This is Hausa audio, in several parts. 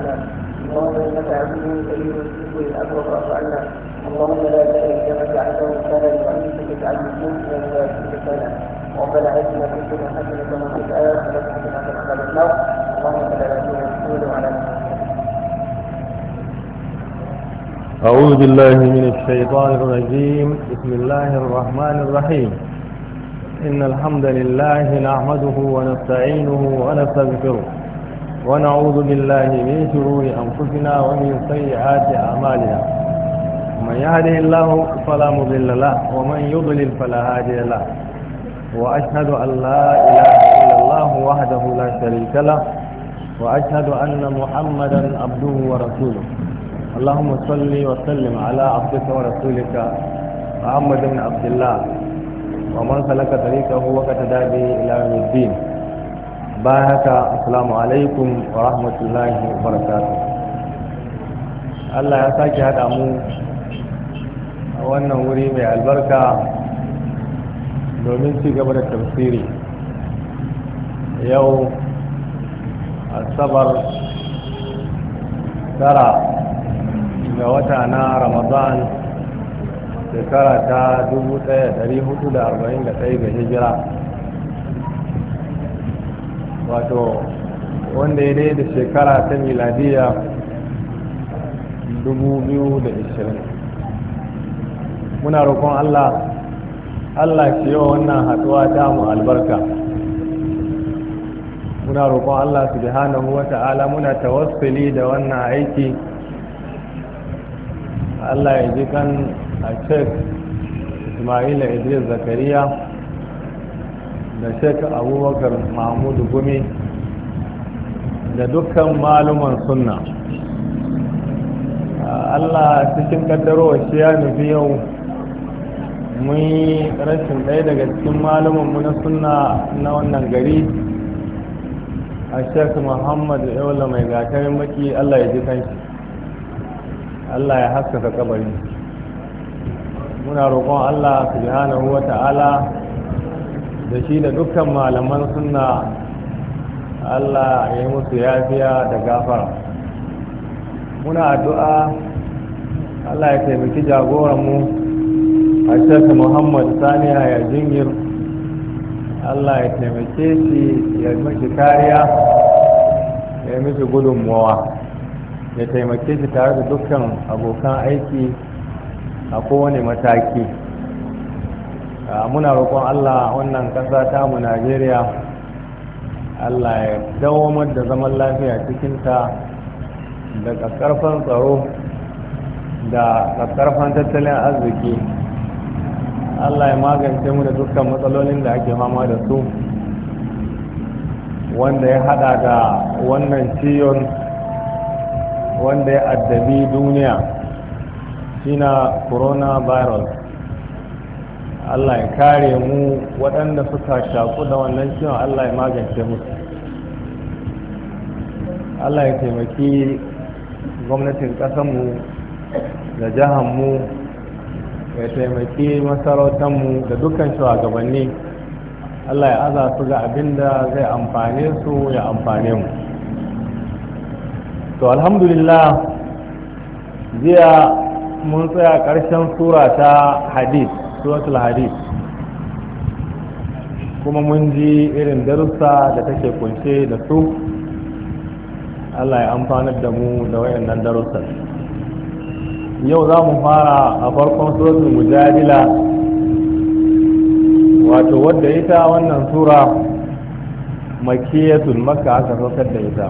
اللهم انك عدو كريم تحب الابرص واجعلنا اللهم لا شريك لك جعلته مثالا وانت تجعل مسلما ويكفينا ربنا اتنا في الدنيا حسنه وفي الاخره حسنه وقنا عذاب النار اللهم صل على سيدنا محمد وعلى اله أعوذ بالله من الشيطان الرجيم بسم الله الرحمن الرحيم إن الحمد لله نحمده ونستعينه ونستغفره ونعوذ بالله من شرور أنفسنا ومن سيئات أعمالنا من يهده الله فلا مضل له ومن يضلل فلا هادي له وأشهد أن لا إله إلا الله وحده لا شريك له وأشهد أن محمدا عبده ورسوله اللهم صل وسلم على عبدك ورسولك محمد بن عبد الله ومن سلك طريقه وقتدى به إلى الدين bayan haka assalamu alaikum wa rahmatullahi wa barakatuh Allah ya sake haɗa mu a wannan wuri mai albarka domin ci gaba da tafsiri yau asabar tara ga wata na ramadan shekara ta 1441 ga hijira wato wanda ya dai da shekara ta miladiya 2020 muna roƙon allah allah ke wa wannan haɗuwa ta mu albarka muna roƙon allah su subhanahu wa ta'ala muna tawassuli da wannan aiki allah ya ji kan a cek ismaila idris zakariya da shekar abubakar mahmudu gumi da dukkan maluman sunna allah cikin kaddarowar shi ya nufi yau mun yi rashin ɗaya daga cikin malumanmu na sunna na wannan gari a shekar muhammadu yaula mai gatarin maki allah ya ji kanshi allah ya haskaka kabari muna roƙon allah subhanahu wa ta'ala da shi da dukkan malaman suna Allah ya yi musu yafiya da gafara muna addu'a Allah ya taimaki jagoranmu a shaka Muhammad Saniya ya jingir Allah ya taimake shi ya mashi kariya ya mishi gudunmowa ya taimake shi tare da dukkan abokan aiki a kowane mataki Ah, muna roƙon allah wannan ƙasa mu najeriya allah ya dawamar da zaman lafiya cikinta da ƙarfan tsaro da ƙarfan tattalin arziki allah ya magance mu da dukkan matsalolin da ake fama da su wanda ya hada da wannan ciyon wanda ya addabi duniya shi shina coronavirus Allah ya kare mu waɗanda suka shaku da wannan ciwon Allah ya magance musu Allah ya taimaki gwamnatin ƙasanmu da jihanmu ya taimaki masarautanmu da dukkan shugabanni Allah ya aza su ga abin da zai amfane su ya amfane mu to alhamdulillah jiya mun tsaya ƙarshen sura ta hadith suratul hadid kuma mun ji irin darussa da take kunshe da su Allah ya amfanar da mu da wayannan darussa yau za mu fara a farkon suratul mujadila wato wadda ita wannan sura makiyatun maka aka saukar da ita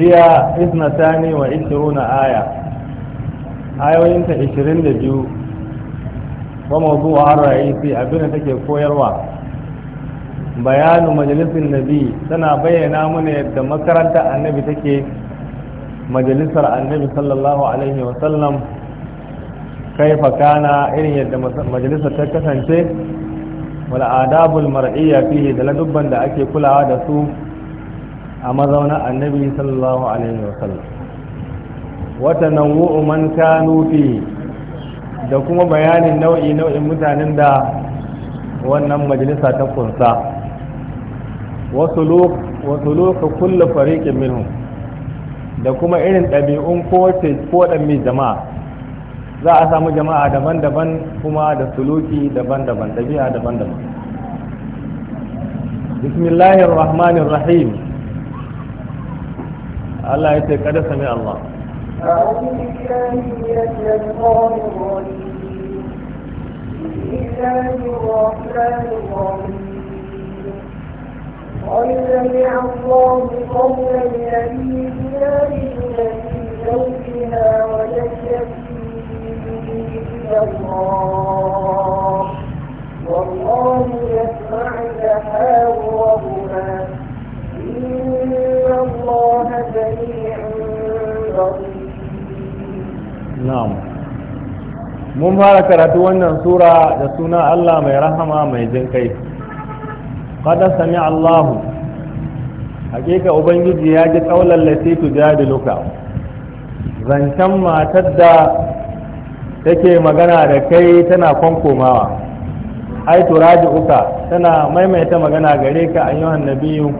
hiya isnatani wa ishiruna aya ayoyinta ishirin da biyu wa mawdu'a ar-ra'isi abin da take koyarwa bayanu majalisin nabi tana bayyana mana yadda makarantar annabi take majalisar annabi sallallahu alaihi wa irin yadda majalisar ta kasance wal adabul mar'iyya fihi da ladubban da ake kulawa da su a mazaunin annabi sallallahu alaihi wa wata nawu'u man kanu fihi da kuma bayanin nau'i nau'in mutanen da wannan majalisa ta kunsa wasu loka kulla fariƙin minhum da kuma irin ɗabi'un kowace ko mai jama'a za a samu jama'a daban-daban kuma da suluki daban-daban ɗabi'a daban-daban bismillahir rahmanir rahim Allah ya ce kada sami Allah أعوذ بالله من الشيطان الرجيم بسم الله الرحمن الرحيم قد سمع الله قول الذي تجادلك في زوجها فيه إلى الله والله يسمع تحاورهما إن الله سميع بصير na'am mun fara karatu wannan sura da suna Allah mai rahama mai jin kai Kada sami allahu, hakika ubangiji ya ji kaulan lati luka. zancen matar da take magana da kai tana kwankomawa ai uka tana maimaita magana gare ka ayyuhan nabiyyu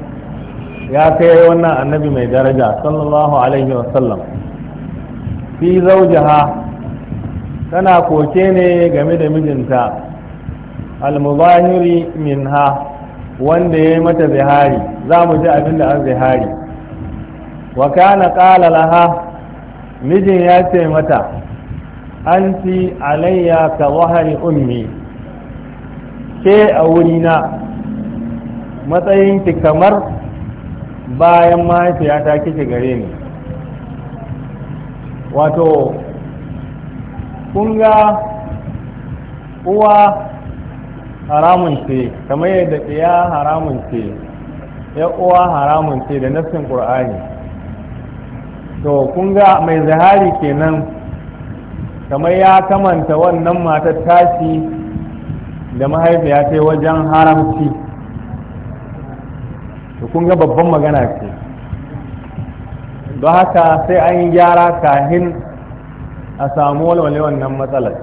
ya kai wannan annabi mai daraja sallallahu alaihi wasallam fi zaujaha tana koke ne game da mijinta almubahiri minha wanda ya yi mata zihari za mu ji abin da an zihari wa kana qala laha mijin ya ce mata an ci alayya ka wahari ummi ke a wurina matsayinki kamar bayan mahaifiyata kike gare ni wato kunga uwa haramun ce kamar yadda ɗaya haramun ce ya uwa haramun ce da nassin ƙur'ani to kunga mai zahari kenan kamar ya kamanta wannan matar tashi da mahaifiya ta wajen haramci to kunga babban magana ce don haka sai an yi gyara kahin a samu walwale wannan matsalar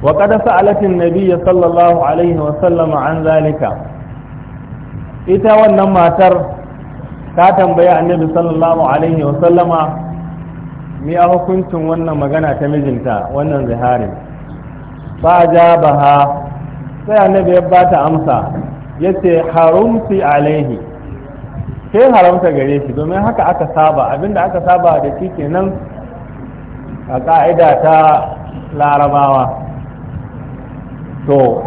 wa kada sa'alatin nabiyya sallallahu alaihi wa sallama an zalika ita wannan matar ta tambaya annabi sallallahu alaihi wa sallama mi a hukuncin wannan magana ta mijinta wannan ziharin ba ja baha sai annabi ya bata amsa yace harumti alaihi sai haramta gare shi domin haka aka saba abinda aka saba da shi kenan a ka'ida ta larabawa to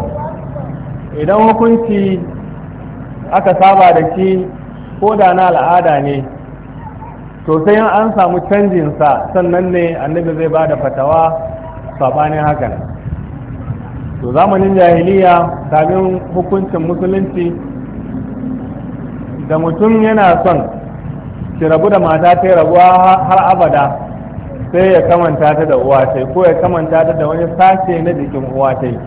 idan hukunci aka saba da shi ko da na al'ada ne to sai an samu canjin sa sannan ne annabi zai ba da fatawa sabanin hakan to zamanin jahiliya sabin hukuncin musulunci da mutum yana son shi rabu da mata ta rabuwa har abada sai ya kamanta ta da uwa ta ko ya kamanta ta da wani sashe na jikin uwa ta yi.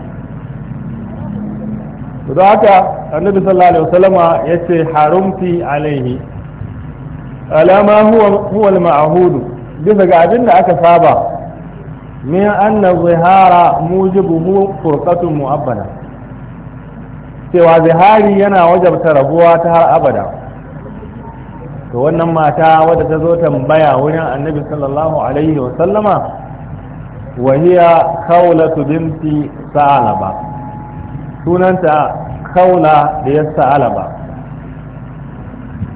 da haka annabi sallallahu alaihi wasallama ce harumti alaihi alama huwa ma'ahudu bisa ga abin da aka saba min anna zihara mujibuhu furqatun mu'abbada cewa zihari yana wajabta rabuwa ta har abada to wannan mata wadda ta zo tambaya wurin annabi sallallahu alaihi wa sallama wa hiya kaulatu binti sa'alaba sunanta kaula da ya sa'alaba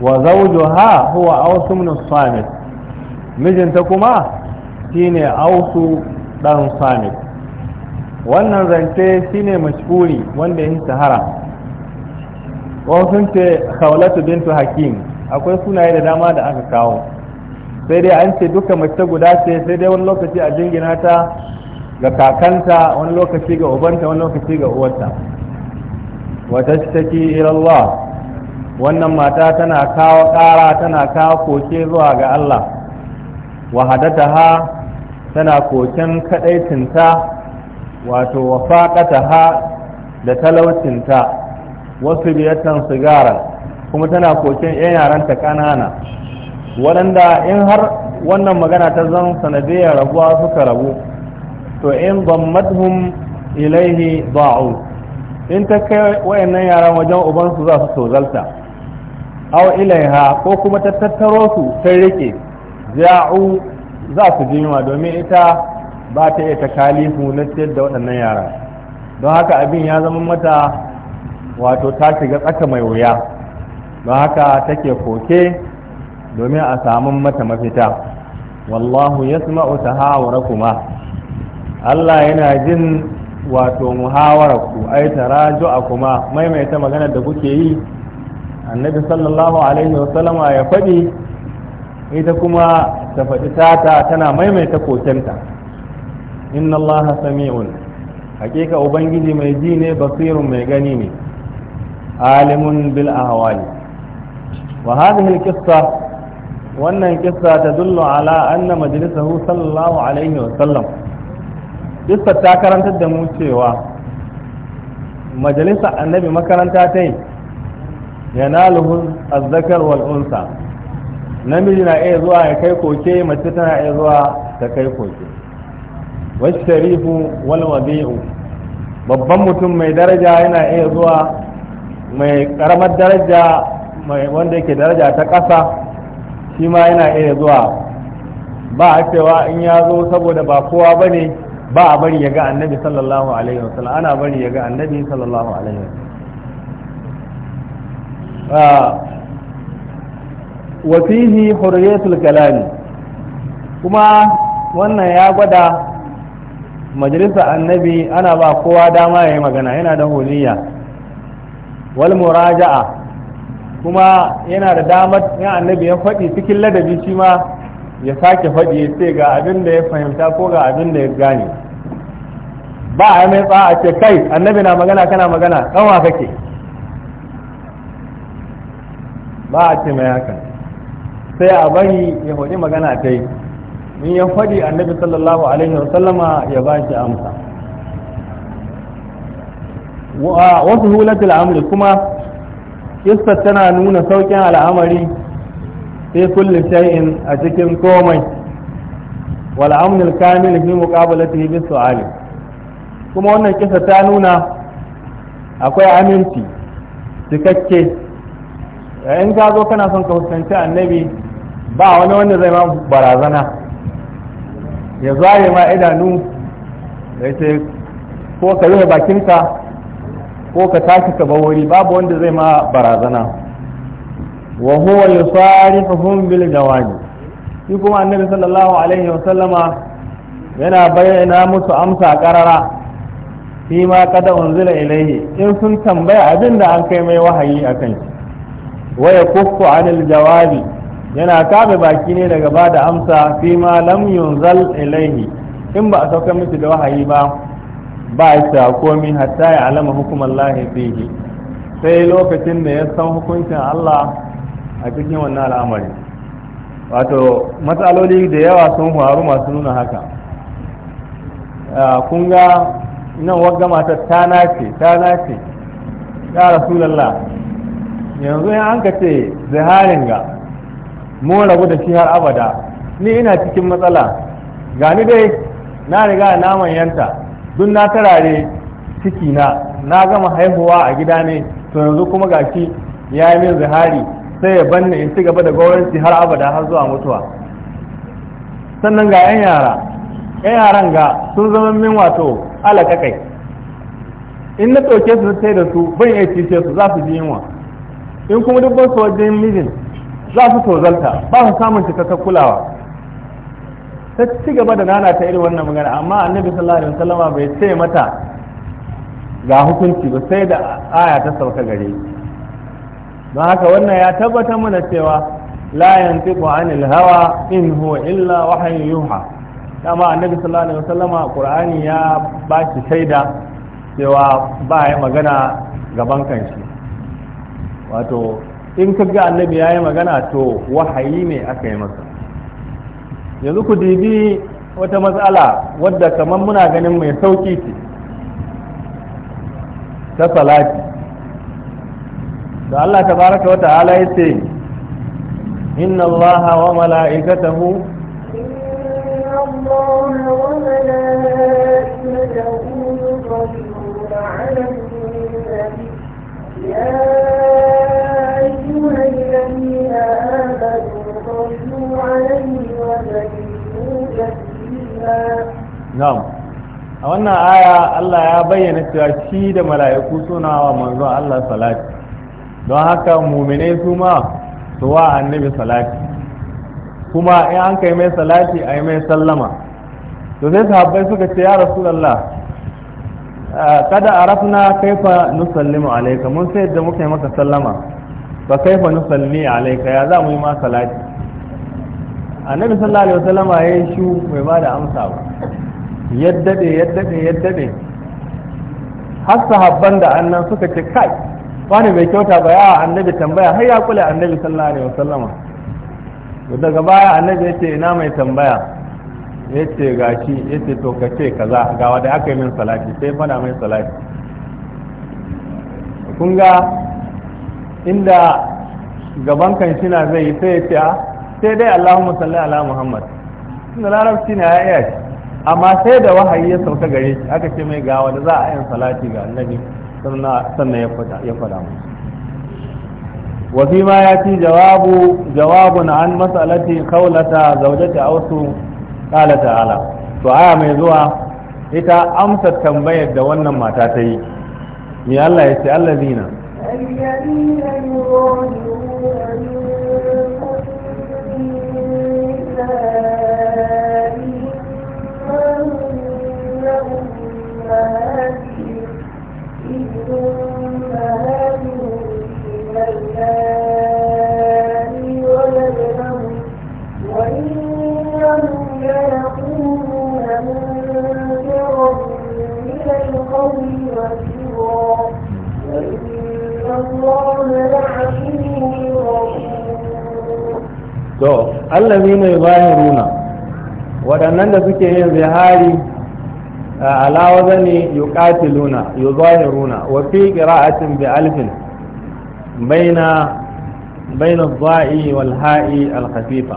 wa zawjuha huwa awsu min samit mijinta kuma shine ausu dan samit wannan zance shine mashkuri wanda ya sahara. wani sun ce khawlatu bintu hakim akwai sunaye da dama da aka kawo sai dai an ce duka mace guda ce sai dai wani lokaci a jingina ta ga kakanta wani lokaci ga ubanta wani lokaci ga uwarta wata take ilallah wannan mata tana kawo ƙara tana kawo koke zuwa ga Allah wahadata ha tana koken kadaicinta wato wafaƙata ha da talaucinta wasu biyattan sigara kuma tana koken yan yaranta kanana waɗanda in har wannan magana ta zan sanadiyya rabuwa suka rabu to in zammathum ilaihi ba'u in ta kai wayannan yaran wajen ubansu za su tozalta aw ilaiha ko kuma ta tattaro su ta rike za'u za su yunwa domin ita ba ta iya takalifu na ciyar da waɗannan yara don haka abin ya zama mata wato ta shiga tsaka mai wuya don haka take koke domin a samu mata mafita wallahu ya tahawara kuma Allah yana jin wato ku ai tarajo a kuma maimaita maganar da kuke yi annabi sallallahu alaihi wasallama ya faɗi ita kuma ta faɗi tata tana maimaita kokenta inna allaha sami'un hakika ubangiji mai ji ne basirun mai gani ne عالم بالأهوال وهذه القصة وأن القصة تدل على أن مجلسه صلى الله عليه وسلم قصة تاكرن تدمو سيوا مجلس النبي مكرن تاتي يناله الذكر والأنثى namiji na iya zuwa ya kai koke mace tana iya zuwa ta kai koke wasu sharifu wal wabi'u babban mutum mai daraja yana iya zuwa mai karamar daraja mai wanda yake daraja ta ƙasa shi ma yana iya zuwa ba a cewa in ya zo saboda ba kowa ba ne ba a bari ya ga annabi sallallahu alaihi wasallam ana bari ya ga annabi sallallahu alaihi wasallam ah, wa fihi hurriyatul kalam kuma wannan ya gwada majalisar annabi ana ba kowa dama ya yi magana yana da holiya wal muraja'a kuma yana da damar ya annabi ya fadi cikin ladabi shi ma ya sake fadi ya ce ga abin da ya fahimta ko ga abin da ya gane ba a mai tsa a ce kai annabi na magana kana magana kawa kake ba a ce mai haka sai a bari ya faɗi magana ta yi in ya faɗi annabi sallallahu alaihi wasallama ya ba shi amsa wasu hulatul amri kuma iskar tana nuna saukin al'amari sai kullum shay'in a cikin komai wal kamil fi muqabalatihi bis su'ali kuma wannan kisa ta nuna akwai aminci cikakke in ka zo kana son ka fuskanci annabi ba wani wanda zai ma barazana ya zare ma idanu ya ce ko ka rufe bakinka ko ka tashi ka wuri babu wanda zai ma barazana wa huwa yusarifuhum bil jawabi shi kuma annabi sallallahu alaihi wa sallama yana bayyana musu amsa karara fi ma kada unzila ilaihi in sun tambaya abin da an kai mai wahayi akan shi wa yakuffu anil jawabi yana kabe baki ne daga bada amsa fi ma lam yunzal ilaihi in ba a sauka miki da wahayi ba ba shi komi hatta ya alama hukumar lahi fihi sai lokacin da ya san hukuncin Allah a cikin wannan al'amari wato matsaloli da yawa sun faru masu nuna haka kun ga nan wagga mata ta nace ta nace ya rasulallah yanzu ya an ka ce ziharin ga mu rabu da shi har abada ni ina cikin matsala gani dai na riga naman yanta. duk na tarare ciki na na gama haihuwa a gida ne to yanzu kuma gashi ya yi min zihari sai ya banne in ci gaba da gwamnati har abada har zuwa mutuwa sannan ga 'yan yara 'yan yaran ga sun zama min wato alaƙaƙai in na ɗauke su sai da su ban iya cice su za su ji yunwa in kuma duk su wajen mijin za su tozalta ba su samun cikakken kulawa ta ci gaba da nana ta irin wannan magana amma annabi sallallahu alaihi wasallama bai ce mata ga hukunci ba sai da aya ta sauka gare don haka wannan ya tabbatar mana cewa la yantiqu anil hawa in huwa illa wahyu yuha amma annabi sallallahu alaihi wasallama qur'ani ya ba shi shaida cewa ba ya magana gaban kanshi wato in kaga annabi ya yi magana to wahayi ne aka yi masa yanzu ku dibi wata matsala wadda kamar muna ganin mai sauki ce ta salati da Allah ta baraka wa ta'ala ya ce inna Allah wa mala'ikatahu يا أيها الذين آمنوا واتلوا a wannan aya Allah ya bayyana cewa shi da mala'iku suna wa manzon Allah salati don haka muminai su ma su wa annabi salati kuma in an kai mai salati a yi mai sallama to sai sahabbai suka ce ya rasulallah kada a arafna kaifa nusallimu alayka mun sai da muka yi maka sallama fa kaifa nusalli alayka ya za mu yi ma salati annabi sallallahu alaihi wasallama ya yi shu mai ba da amsa ba ya dade, ya dade, ya dade. har sahabban da annan suka ce kai wani bai kyauta ba ya annabi tambaya har ya kula annabi sallallahu alaihi wasallama daga baya annabi ya ce ina mai tambaya ya ce gashi ya ce to ka ce kaza ga wanda aka yi min salati sai fada mai salati kun ga inda gaban kan shina zai yi sai ya ce a ah, sai dai Allahumma salli ala Muhammad tunda larabci ne ya iya amma sai da wahayi ya sauka gare shi aka ce mai gawa da za a yin salati ga annabi sannan ya faɗa mu wafi ma ya ci jawabu jawabun an mas'alati khawlata zawjati awsu qala ta'ala to aya mai zuwa ita amsa tambayar da wannan mata ta yi me Allah ya ce Allah allazina القول Allah وإن الله لعليم To, allazi waɗannan da suke yin zihari alawaza ne yuqatiluna yuzahiruna wa fi qira'atin bi alfin baina baina adh-dha'i wal ha'i al-khafifa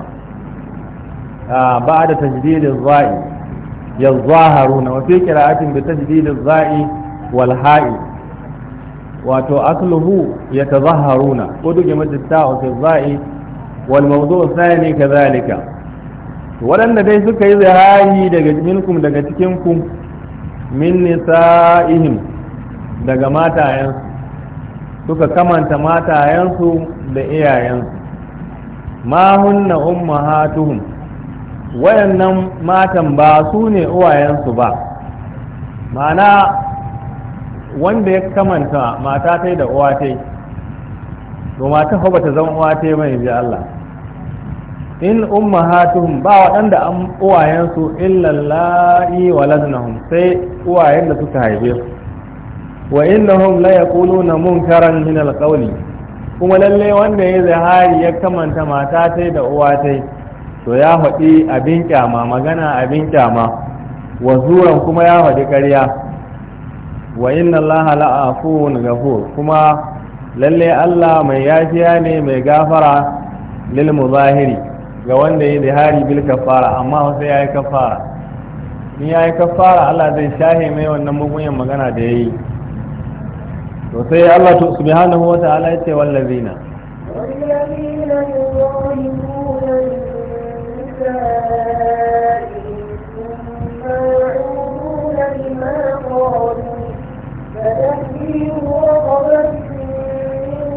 ba'da da adh-dha'i yazzaharuna wa fi qira'atin bi tajdid az-za'i wal ha'i wato asluhu yatazahharuna uduge madatta fi az-za'i wal mawdu' thani kadhalika wadanda dai suka yi zahari daga minkum daga cikin ku min nisa'ihim daga matayensu suka kamanta matayensu da iyayensu ma hunna ummahatuhum wayannan matan ba su ne uwayensu ba ma'ana wanda ya kamanta mata ta da uwa ta to mata ba bata zama uwa ta mai ji Allah in ummahatuhum ba waɗanda an uwayensu illallahi waladnahum sai uwayen da suka haife su wa innahum la yaquluna munkaran min alqawli kuma lalle wanda ya zahari ya kamanta mata ta da uwa ta to ya faɗi abin kyama magana abin kyama wa zuran kuma ya faɗi ƙarya wa inna allaha la'afun gafur, kuma lalle Allah mai yafiya ne mai gafara lil muzahiri ga wanda ya dihari bil kafara amma sai yayi kafara in yi kafara Allah zai shahe mai wannan mugunyan magana da ya yi. to sai Allah subhanahu wa ta'ala ya ce wallazina نسائهم ثم يعودون لما قالوا فتحرير رقبة من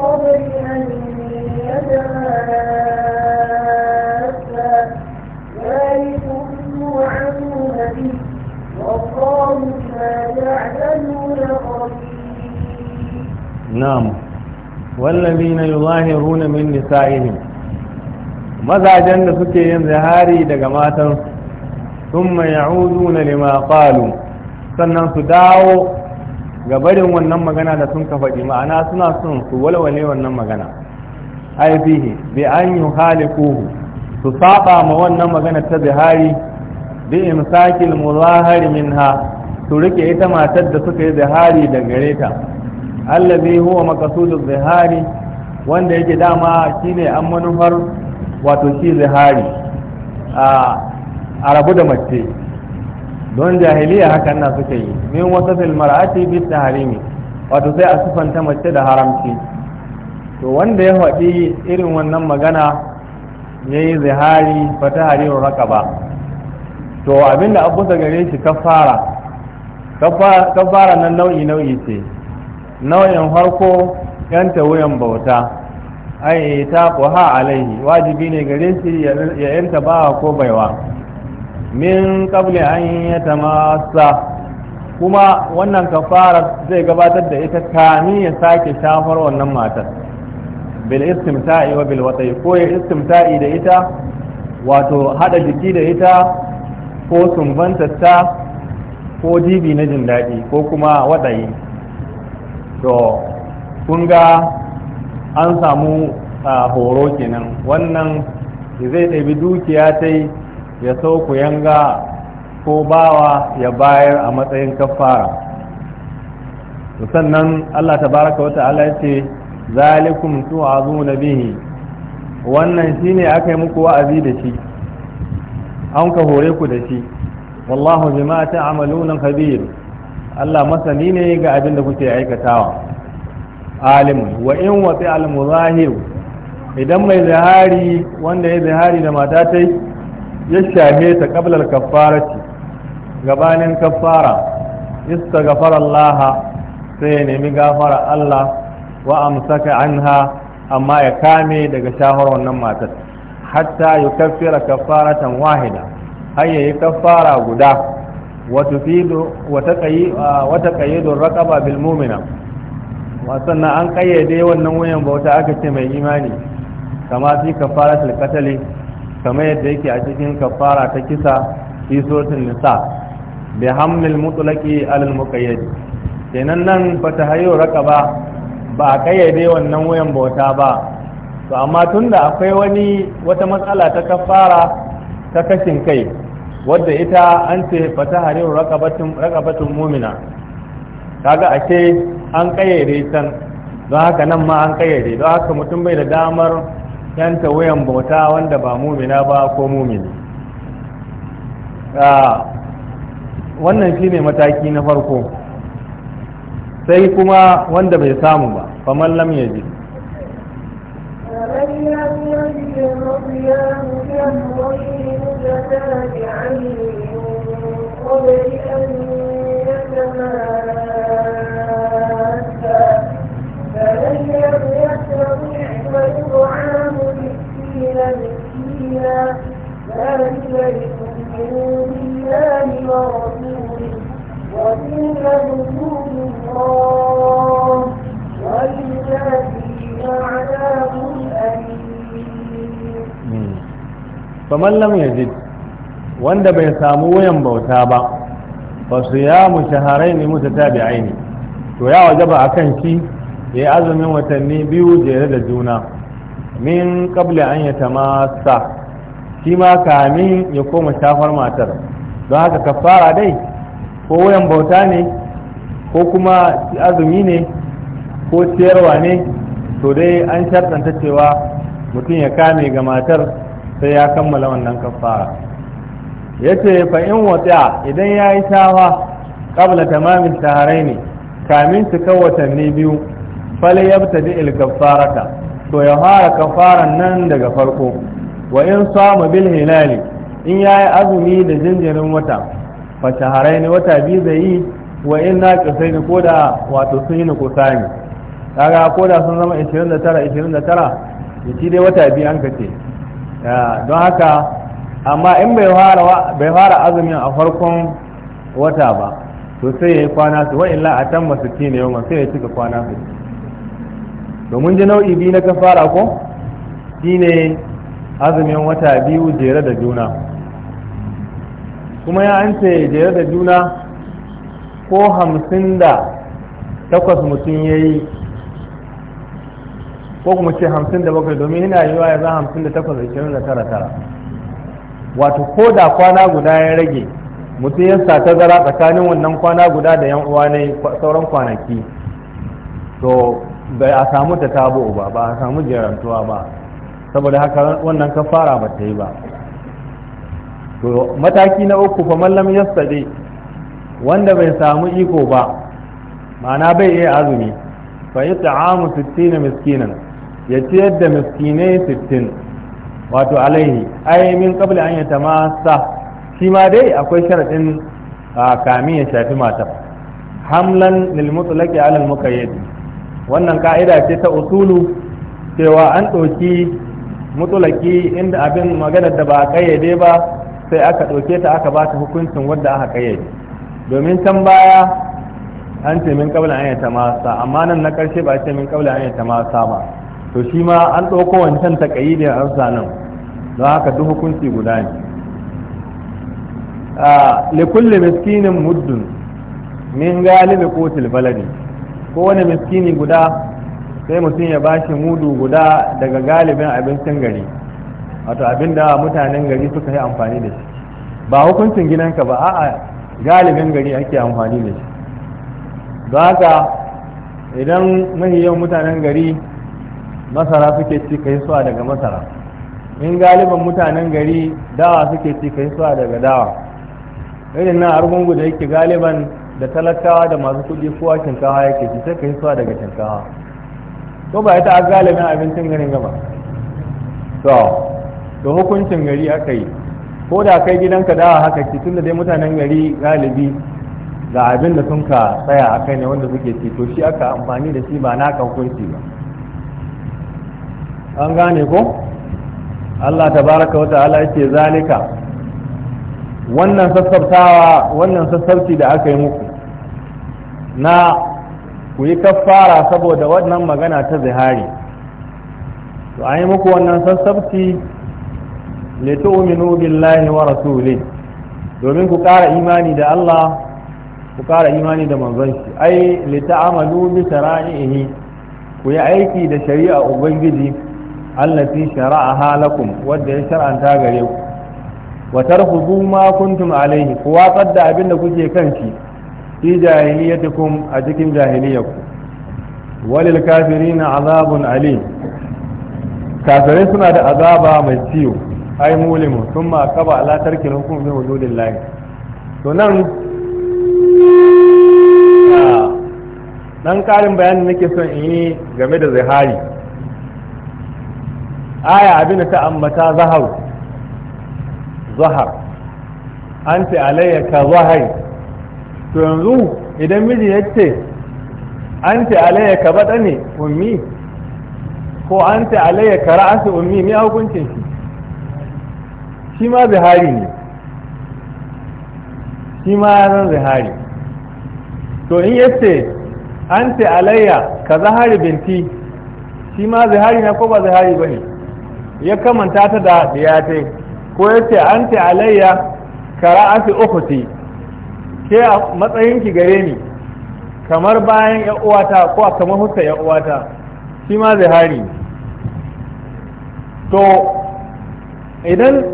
قبل أن يتماسا ذلكم توعدون به والله ما تعملون خبير نعم والذين يظاهرون من نسائهم mazajen da suke yin zihari daga matan sun mai na lima falu sannan su dawo ga barin wannan magana da sun ka faɗi ma'ana suna son su walwale wannan magana ai fihi bi an yuhalikuhu su saba ma wannan magana ta zihari bi imsakil muzahari minha su rike ita matar da suka yi zihari da gare ta allazi huwa makasudu zihari wanda yake dama shine an manufar wato shi zihari a rabu da mace don jahiliya haka ina suka yi min wasafil mar'ati bi harimi wato sai a sufanta mace da haramci to wanda ya faɗi irin wannan magana ya yi zihari fata haka ba, to abinda abu da gare shi kafara kafara nan nau'i nau'i ce nau'in farko yanta wuyan bauta ai ta ha alaihi wajibi ne gare shi ya yanta ba ko baiwa min kabli an tamasa kuma wannan kafara zai gabatar da ita kamin ya sake shafar wannan matar bil istimta'i wa bil watai ko ya istimta'i da ita wato hada jiki da ita ko sumbanta ta ko jibi na jin daɗi ko kuma waɗayi to kun ga an samu horo kenan wannan zai ɗabi dukiya ta ya sauku yanga ko bawa ya bayar a matsayin kafara sannan Allah Ta baraka wata Allah ce zalikum na bihi wannan shi ne aka yi muku wa'azi da shi an ka hore ku da shi wallahu bima amalunan khabir Allah masani ne ga abin da kuke aikatawa alimun wa in watsi almuzahiru idan mai zahari wanda ya zahari da mata ta yi ya shahe ta kablar kaffarati gabanin kafara ista gafara Allah sai ya nemi gafara Allah wa amsaka anha amma ya kame daga shahar wannan matar hatta yi kaffira kafaratan wahida har yayi kafara guda wata ƙayyidun raƙaba bil mumina wasan na an kayyade wannan wuyan bauta aka ce mai imani kama fi kafara tilkatali kama yadda yake a cikin kafara ta kisa fi sotin nisa bi hamlil mutulaki alal muqayyadi kenan nan ba ta hayo raka ba ba a kayyade wannan wuyan bauta ba to amma tunda akwai wani wata matsala ta kafara ta kashin kai wadda ita an ce fata harin rakabatun mumina kaga ake an kayyade can don haka nan ma an kayyade don haka mutum bai da damar yanta wuyan bauta wanda ba mumina ba ko mumini ah, wannan shi ne mataki na farko sai kuma wanda bai samu ba Kamar lam ya ji قبل أن يتمادى والأرضين مسكينا ذلك لتؤمنوا بالله ورسوله وتلك حدود الله وللكافرين عذاب أليم فمن لم يجد wanda bai samu wuyan bauta ba ba su ya mu shaharai ne mutu tabi'ai ne to ya wajaba a kan shi ya yi azumin watanni biyu jere da juna min kabla an ya tamasa shi ma kamin ya koma shafar matar don haka kafara dai ko wayan bauta ne ko kuma azumi ne ko ciyarwa ne to dai an shartanta cewa mutum ya kame ga matar sai ya kammala wannan kafara ya ce fa'in wata idan ya yi shawa kabla tamamin shaharai ne kamin cika watanni biyu fale ya fita da kafarata to ya fara kafaran nan daga farko wa in samu bil hilali in yayi azumi da jinjirin wata fa ne wata biyu zai yi wa in na kusa ne ko da wato sun yi kusa ne kaga ko da sun zama 29 29 yaci dai wata biyu an kace don haka amma in bai fara bai fara azumin a farkon wata ba to sai ya yi kwana su wa illa atamma 60 ne yau sai ya cika kwana su. domin ji nau'i biyu na kafara ko shine azumin wata biyu jere da juna kuma ya an ce jere da juna ko hamsin da takwas mutum ya yi ko kuma ce hamsin da bakwai domin yana yiwa ya za hamsin da takwas da ashirin da tara tara wato ko da kwana guda ya rage mutum ya sa tazara tsakanin wannan kwana guda da yan uwa ne sauran kwanaki to bai a samu ta tabo ba ba a samu jarantuwa ba saboda haka wannan kafara ba ta yi ba to mataki na uku fa mallam yastade wanda bai samu iko ba ma'ana bai iya azumi fa it'amu 60 miskinan ya ciyar da miskinai 60 wato alaihi ai min qabli an sa shi ma dai akwai sharadin kamin ya shafi matar hamlan lil mutlaqi ala al muqayyad wannan ka'ida ce ta usulu cewa an ɗauki mutulaki inda abin maganar da ba a kayyade ba sai aka ɗauke ta aka ba ta hukuncin wadda aka kayyade domin can baya an ce min kabla an ta masa amma nan na ƙarshe ba ce min kabla an ta masa ba to shi ma an ɗauko wancan ta kayyade an sa nan don haka duk hukunci guda ne ah, likulli miskinin muddun min galibi kotil baladi kowane miskini guda sai mutum ya bashi mudu guda daga galibin abincin gari wato abin da mutanen gari suka yi amfani da shi ba hukuncin gidanka ba a'a galibin gari ake amfani da shi ba haka idan mahi yawan mutanen gari masara suke ci kai suwa daga masara in galiban mutanen gari dawa suke ci kai suwa daga dawa irin na argungu da yake galiban da talakawa da masu kuɗi kowa shinkawa yake ci sai ka hisuwa daga shinkawa ko ba ita a galibin abincin garin gaba to da hukuncin gari aka yi ko da kai gidanka da haka ci tunda dai mutanen gari galibi ga abin da sun ka tsaya a kai ne wanda suke ci to shi aka amfani da shi ba na kan hukunci ba an gane ko Allah tabaraka wa ta'ala yake zalika wannan sassabtawa wannan sassabci da aka yi muku na ku yi kaffara saboda wannan magana ta zihari to an yi muku wannan sassabci uminu billahi wa rasuli domin ku ƙara imani da Allah ku ƙara imani da manzon shi ai lita'amalu bi shara'ihi ku yi aiki da shari'a ubangiji allati shara'aha lakum wadda ya shar'anta gare ku wa tarhudu ma kuntum alaihi ku watsar da abin da kuke kan shi fi jahiliyatikum a cikin jahiliyarku walil kafirin azabun alim kafirai suna da azaba mai ciwo ai mulimu sun ma kaba ala tarkin hukumin wujudin lahi to nan dan karin bayanin nake son in yi game da zahari aya abin da ta ambata zahau zahar an ce alayya ka zahai to yanzu idan miji ya ce an ce alayya ka baɗa ne ummi ko an ce alayya ka ra'asi ummi ne hukuncin shi shi ma zihari ne shi ma ya zan zihari to in ya ce an ce alayya ka zahari binti shi ma zihari na ko ba zihari ba ne ya kamanta ta da ɗiyatai ko ya ce an ta alayya kara'ati ukhti ke a matsayin ki gare ni kamar bayan ya uwata ko kamar hutta ya uwata shi ma zihari to idan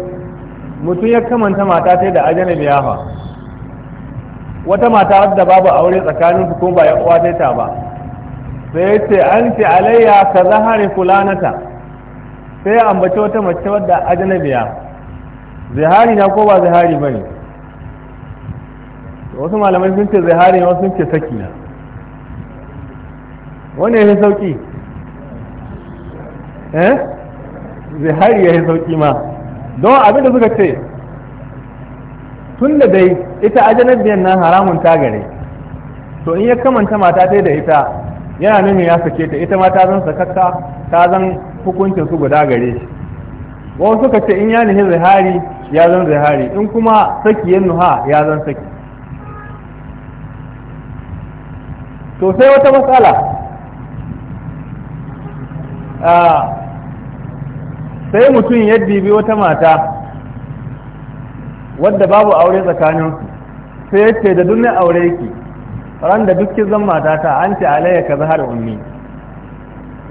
mutum ya kamanta mata ta da biya yafa wata mata wadda babu aure tsakanin su kuma ba ya uwata ta ba sai ya ce an ce alayya ka zahari fulanata sai ya ambaci wata mace wadda ajanabiya zihari na ko ba zihari ba ne wasu malamai sun ce zihari na wasu sun ce saki na wani ya fi sauki eh zihari ya fi sauki ma don abin da suka ce tun da dai ita ajanar biyan nan haramun tagare to in ya kamanta mata ta da ita yana nuna ya sake ta ita ma ta zan sakakka ta zan hukuncin su guda gare shi wani suka ce in ya yin zihari ya zan zihari in kuma saki ya nuha ya zan saki to sai wata matsala sai mutum ya dibi wata mata wadda babu aure tsakanin sai ya ce da dunnin aure yake ran da dukkin zan matata an ce alayya ka zahar unni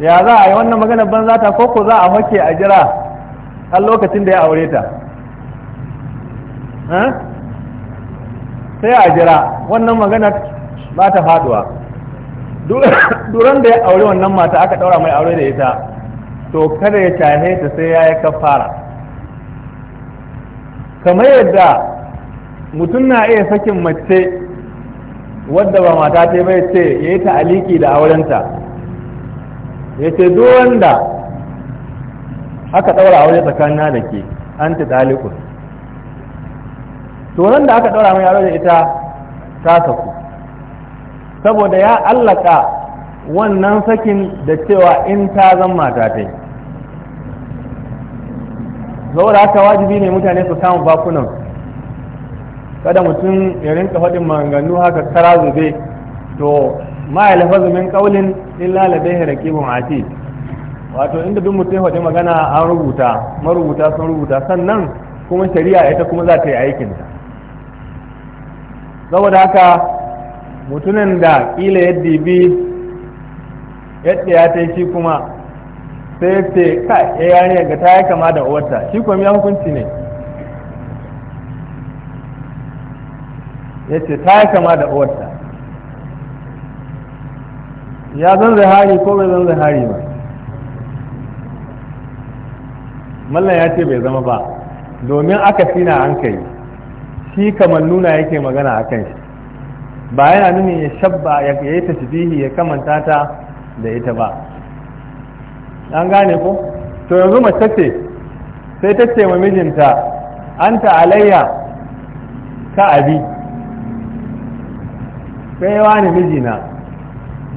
ya za a yi wannan magana ban ta ko ko za a hake a jira har lokacin da ya aure ta sai a jira wannan magana ba ta faduwa duran da ya aure wannan mata aka daura mai aure da ita to kada ya shahe ta sai ya yi kafara kamar yadda mutum na iya sakin mace wadda ba mata ce bai ce ya yi ta'aliki da aurenta ya ce wanda aka ɗaura aure tsakanina da ke an ta dalikun da aka ɗaura mai aure da ita ta saku saboda ya allaka wannan sakin da cewa in ta zan mata ta yi haka wajibi ne mutane su samu bakunan kada mutum ya rinka faɗin maganganu haka kara zube to ma ƙaunin zumin ƙaulin illa labai rakibun wato inda duk mutum faɗi magana an rubuta marubuta sun rubuta sannan kuma shari'a ita kuma za ta yi aikin ta saboda haka mutumin da kila ya dibi yadda ya ta shi kuma sai ya ce ka ya eh, yariya ga ta ya kama da uwarta shi kuma ya hukunci ne ya ce ta ya kama da uwarta ya zan hari ko bai zan hari ba mallan ya ce bai zama ba domin aka fina an kai shi kamar nuna yake magana a kan shi ba yana nuni ya shabba ya yi tasbihi ya kamanta ta da ita ba an gane ko to yanzu mace ce sai ta ce mijinta an ta alayya ka abi yawa ne mijina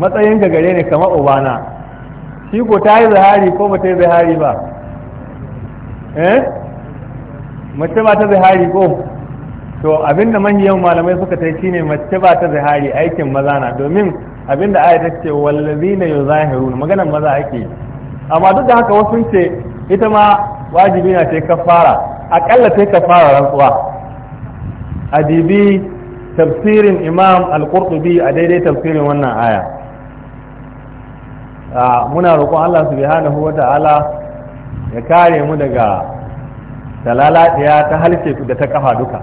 matsayin gagare ne kamar ubana shi ko ta yi zahari ko ba ta yi zahari ba eh mace ba ta zihari ko to abinda manyan malamai suka ta shine mace ba ta zihari aikin maza na domin abinda aya ta ce wallazina yuzahirun maganar maza ake amma duk da haka wasu ce ita ma wajibi na ce kafara akalla ce kafara rantsuwa adibi tafsirin imam al-qurtubi a daidai tafsirin wannan aya ah, muna roƙon Allah subhanahu wa ta'ala ya kare mu daga talalaɗiya ta halce da ta kafa duka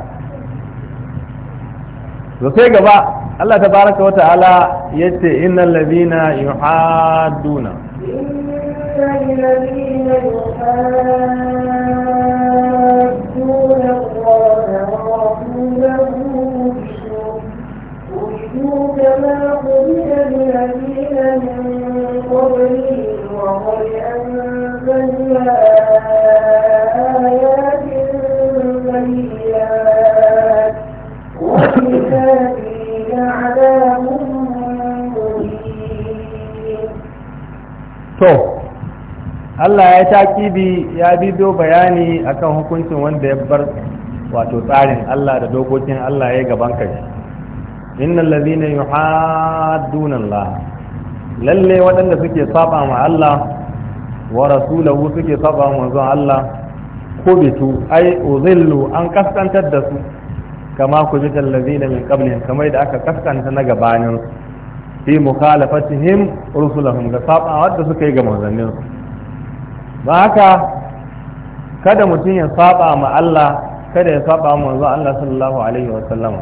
da sai gaba Allah ta baraka wa ta'ala ya ce innal ladina yuhadduna كما قبل الذين من To, Allah ya ta kibi ya bido bayani akan hukuncin wanda ya bar wato tsarin Allah da dokokin Allah ya gaban kai. Innal ladhina yuhadduna Allah lalle waɗanda suke saba ma Allah wa rasulahu suke saba manzon Allah ko bitu ai uzillu an kaskantar da su kama ku bi tallazina min qablihim kamar da aka kaskanta na gabanin fi mukhalafatihim rusulahum da saba wanda suka yi ga manzannin su ba haka kada mutum ya saba ma Allah kada ya saba manzon Allah sallallahu alaihi wa sallama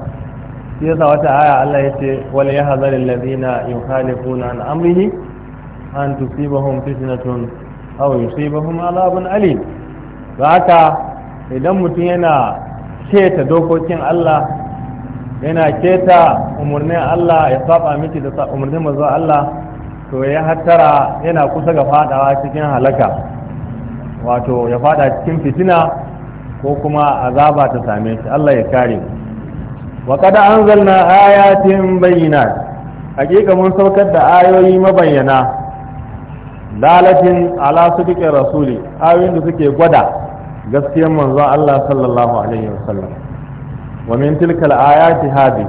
shi yasa wata aya Allah ya ce wal yahzaril ladina yukhalifuna an amrihi an tusibahum fitnatun aw yusibahum alabun alim haka idan mutum yana keta dokokin Allah yana keta umarnin Allah ya saba miki da umarnin manzo Allah to ya hattara yana kusa ga fadawa cikin halaka wato ya fada cikin fitina ko kuma azaba ta same shi Allah ya kare wa qad anzalna ayatin bayyinat hakika mun saukar da ayoyi mabayyana dalatin ala rasuli ayoyin da suke gwada gaskiyar manzo Allah sallallahu alaihi wasallam wa min tilkal ayati hadi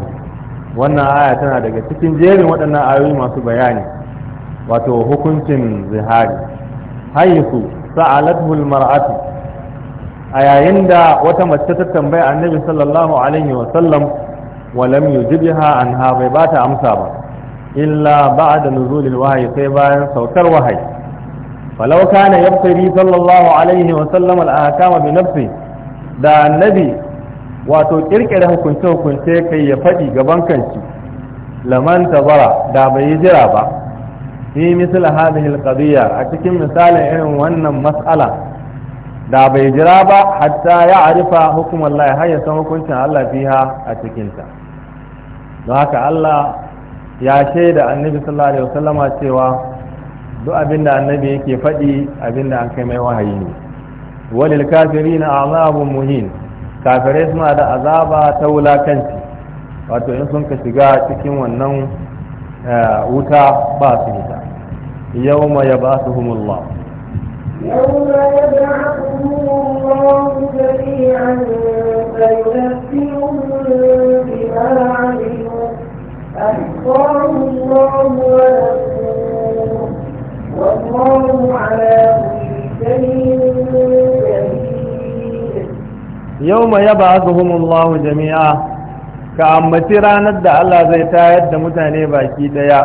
wannan aya tana daga cikin jerin waɗannan ayoyi masu bayani wato hukuncin zihari haythu sa'alathu almar'atu a yayin da wata mace ta tambaya annabi sallallahu alaihi wasallam walam yujibha anha bai bata amsa ba illa ba'da nuzulil wahyi sai bayan saukar wahayi falau na yaftari sallallahu alaihi wa sallam al-ahkama da annabi wato kirkire hukunce hukunce kai ya faɗi gaban kanci laman tabara da bai yi jira ba fi misal hadhihi al a cikin misalin irin wannan mas'ala da bai jira ba hatta ya arifa hukumar Allah har ya san hukuncin Allah fiha a cikinta don haka Allah ya shaida annabi sallallahu alaihi wasallama cewa duk abin da annabi yake faɗi abin da an kai mai wahayi ne walil kafiri na azabun muhin kafirai suna da azaba ta wulakanci wato in sun ka shiga cikin wannan eh, wuta ba su fita yau ma ya ba su humullah يوم يبعثهم الله جميعا فينبئهم بما عملوا أحصاه الله ولم yau ma yaba azuhumullahu jami'a ka ambaci ranar da Allah zai tayar da mutane baki daya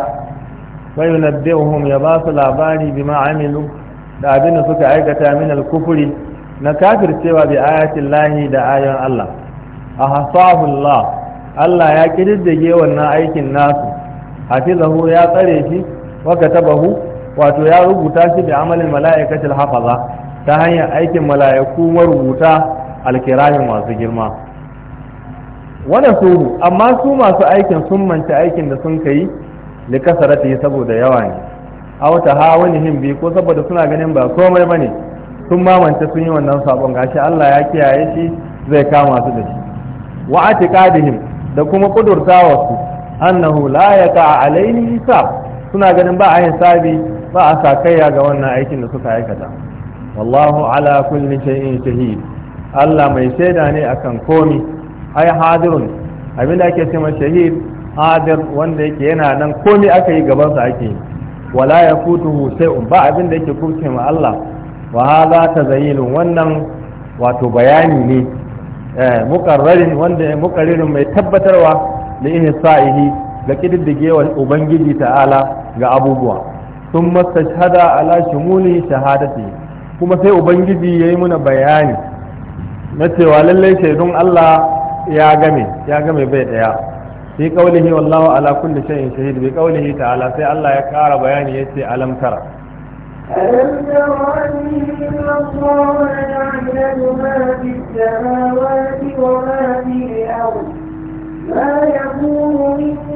bayu nabbi'uhum ya ba su labari bima amilu da abin da suka aikata min al-kufri na kafircewa bi ayatin lahi da ayon Allah a hasahullah Allah ya kididdige wannan aikin nasu hafizahu ya tsare shi wa katabahu wato ya rubuta shi da amalin mala'ikatul hafaza ta hanyar aikin mala'iku marubuta alkirahin masu girma Wani su amma su masu aikin sun manta aikin da sun kai da kasarata yi saboda yawa ne aw ta hawani bi ko saboda suna ganin ba komai bane sun mamanta sun yi wannan sabon gashi Allah ya kiyaye shi zai kama su da shi wa atiqadihim da kuma kudurtawa su annahu la yaqa alaihi hisab suna ganin ba a hisabi ba a sa ya ga wannan aikin da suka aikata wallahu ala kulli shay'in shahid Allah mai shaida ne akan komi ai hadirun abin da ake cewa shahid hadir wanda yake yana nan komi aka yi gaban sa ake wala yafutuhu shay'un ba abin da yake kurce ma Allah wa hadha tazayilun wannan wato bayani ne eh muqarrarin wanda muqarririn mai tabbatarwa li ihsa'ihi ga kididdige ubangiji ta'ala ga abubuwa sun masta mastashhada ala shumuli shahadati kuma sai ubangiji ya yi muna bayani na cewa lallai shaidun Allah ya game ya game bai daya fi qaulihi wallahu ala kulli shay'in shahid bi qaulihi ta'ala sai Allah ya kara bayani yace alam tara ألم تر أن الله يعلم ما في السماوات وما في الأرض ما يكون من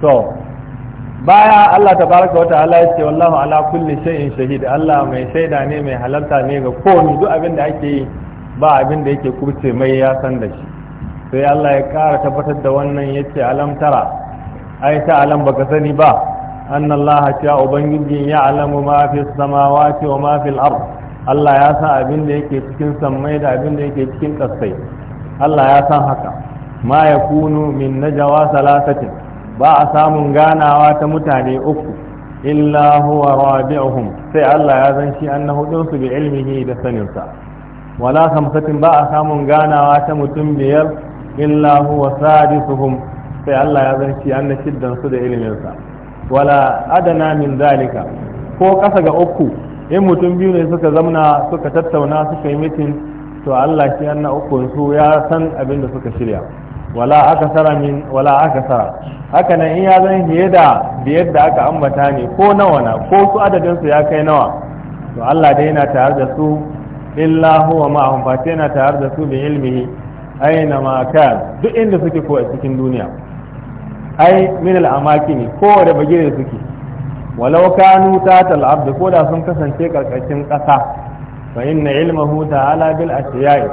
to baya Allah ta tabaraka wata ala ya ce wallahu ala kulli shay'in shahid Allah mai shaida ne mai halarta ne ga komai duk abin da ake yi ba abin da yake kurce mai ya san da shi sai Allah ya kara tabbatar da wannan yace alam tara ai ta alam baka sani ba anna Allah ta ubangiji ya alamu ma fi samawati wa ma fi al-ard Allah ya san abin da yake cikin sammai da abin da yake cikin kasai Allah ya san haka ma yakunu min najwa salasatin ba a samun ganawa ta mutane uku illa huwa rabi'uhum sai Allah ya zan shi an na hudunsu bi ilmihi da saninsa wala khamsatin ba a samun ganawa ta mutum biyar illa huwa sadisuhum sai Allah ya zan shi an na shiddan su da ilminsa wala adana min zalika ko kasa ga uku in mutum biyu ne suka zamna suka tattauna suka yi mitin to Allah shi an na ukun su ya san abin da suka shirya wala akasara min wala akasara haka nan in ya zan fiye da biyar da aka ambata ne ko nawa na ko su adadinsu ya kai nawa to Allah dai yana tare da su illa huwa ma'ahum fa yana tare da su bi ilmihi aina ma ka duk inda suke ko a cikin duniya ai min al-amakin ko da bagire suke walau kanu tatal abd ko da sun kasance karkashin kasa fa inna ilmuhu ta'ala bil ashiya'i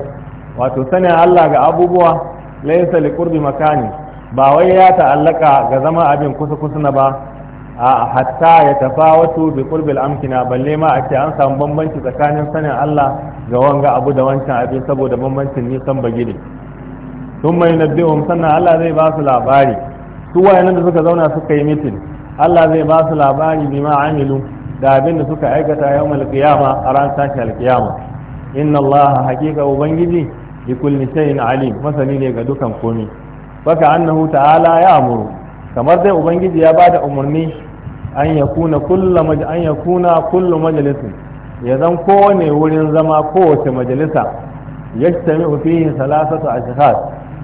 wato sanin Allah ga abubuwa laysa liqurbi makani ba wai ya ta'allaka ga zama abin kusa kusa na ba a hatta ya wato bi qurbil amkina balle ma a an samu bambanci tsakanin sanin Allah ga wanga abu da wancan abin saboda bambancin nisan bagire sun mai nabbi'um sannan Allah zai ba su labari su wayannan da suka zauna suka yi mitin Allah zai ba su labari bima amilu da abin da suka aikata mal kiyama a ran tashi kiyama inna Allah hakika ubangiji bi kulli shay'in alim masani ne ga dukan komai baka annahu ta'ala ya amuru kamar dai ubangiji ya bada umarni an yakuna kullu an yakuna kullu majalisin ya zan kowane wurin zama kowace majalisa yajtami'u fihi salasatu ashkhas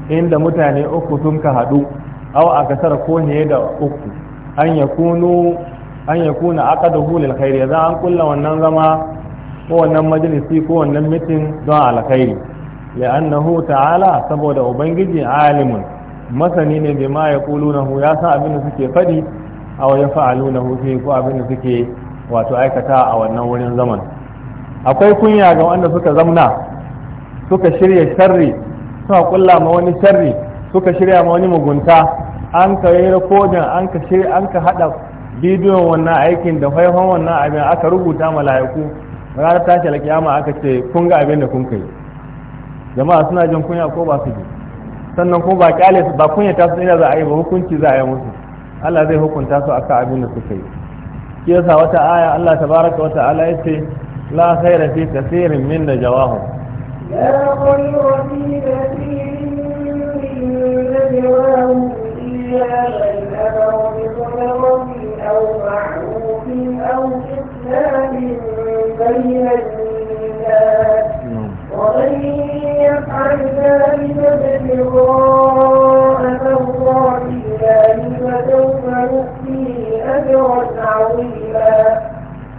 inda mutane uku sun ka hadu aw akasara ko ne da uku an yakunu an yakuna aqadahu lil khair ya zan kulla wannan zama ko wannan majalisi ko wannan mitin don alkhairi لأنه تعالى سبود أبنجي عالم masani ne bai ma ya kulunahu ya san abin da suke fadi a wajen fa'alunahu sai ko abin da suke wato aikata a wannan wurin zaman akwai kunya ga wanda suka zamna suka shirya sharri suka kulla ma wani sharri suka shirya ma wani mugunta an ka yi rikodin an ka shirya an ka hada bidiyon wannan aikin da faifan wannan abin aka rubuta mala'iku ranar tashi alkiyama aka ce kun ga abin da kun kai jama'a suna jin kunya ko ba su ji sannan kuma ba kyale ba kunya ta su ina za a yi ba hukunci za a yi musu Allah zai hukunta su akan abin da suka yi shi yasa wata aya Allah tabaraka wa ta'ala yace la khayra fi kaseerin min najawahum la khayra fi kaseerin min najawahum illa man amara bi salamatin aw ma'rufin الناس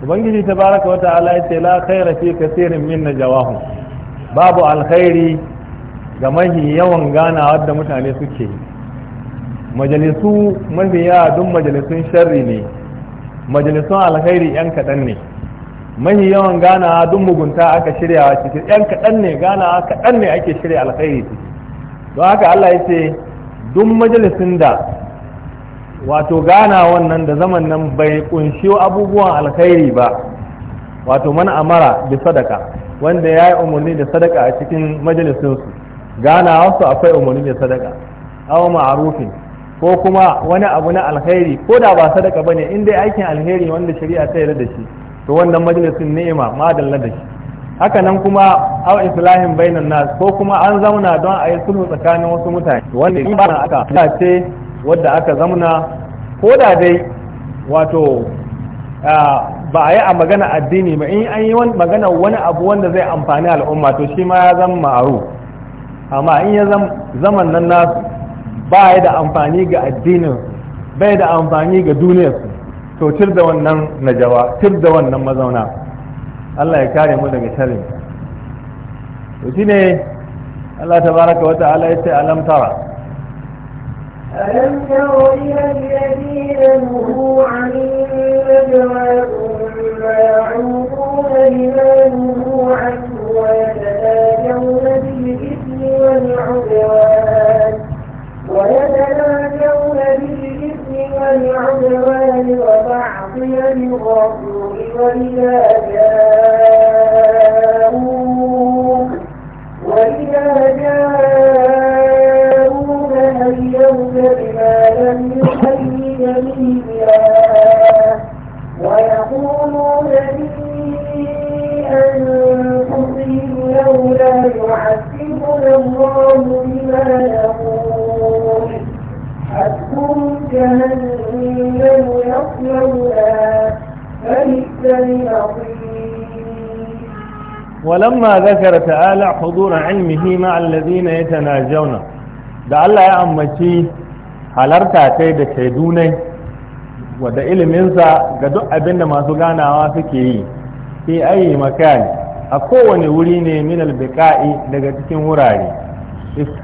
Ubangiji ta baraka wata ala ya ce la khaira fi kasirin min najawahum babu alkhairi ga mahi yawan ganawa da mutane suke yi majalisu mafi yawa duk majalisun sharri ne majalisun alkhairi yan kaɗan ne mahi yawan gana duk mugunta aka shirya wa cikin yan kaɗan ne gana kaɗan ne ake shirya alkhairi ciki don haka Allah ya ce duk majalisin da wato gana wannan da zaman nan bai kunshi abubuwan alkhairi ba wato mana amara bi sadaka wanda ya yi umarni da sadaka a cikin majalisinsu gana wasu akwai umarni da sadaka aw ma'arufi ko kuma wani abu na alkhairi ko da ba sadaka bane in dai aikin alheri wanda shari'a ta yarda da shi to wannan majalisin ni'ima dalla da shi haka nan kuma aw islahin bainan nas ko kuma an zauna don a yi sulhu tsakanin wasu mutane wanda ba na aka da ce wadda aka zauna ko da dai wato ba a yi a magana addini ba in an yi magana wani abu wanda zai amfani al'umma to shi ma ya zama ma'aru amma in ya zaman nan nasu ba ya da amfani ga addinin bai da amfani ga duniyarsu to tir da wannan najawa tir da wannan mazauna Allah ya kare mu daga sharri to shine Allah tabaraka wa ta'ala ya ce alam tara ألم تر إلى الذين نهوا عن النجوى ثم يعودون لما نهوا عنه ويتناجون بالإثم والعدوان ويتناجون والعدوان ومعصية الرسول وإذا جاءوك وإذا جاءوك هيوك بما لم يحيي به ويقولون أنفسهم لولا يعذبنا الله بما نقول جهنم يصلونها فبئس المصير ولما ذكر تعالى حضور علمه مع الذين يتناجون da Allah ya ammaci halarta kai da shaidu wadda iliminsa ga duk abin da masu ganawa suke yi fi ayi makani a kowane wuri ne min albika'i daga cikin wurare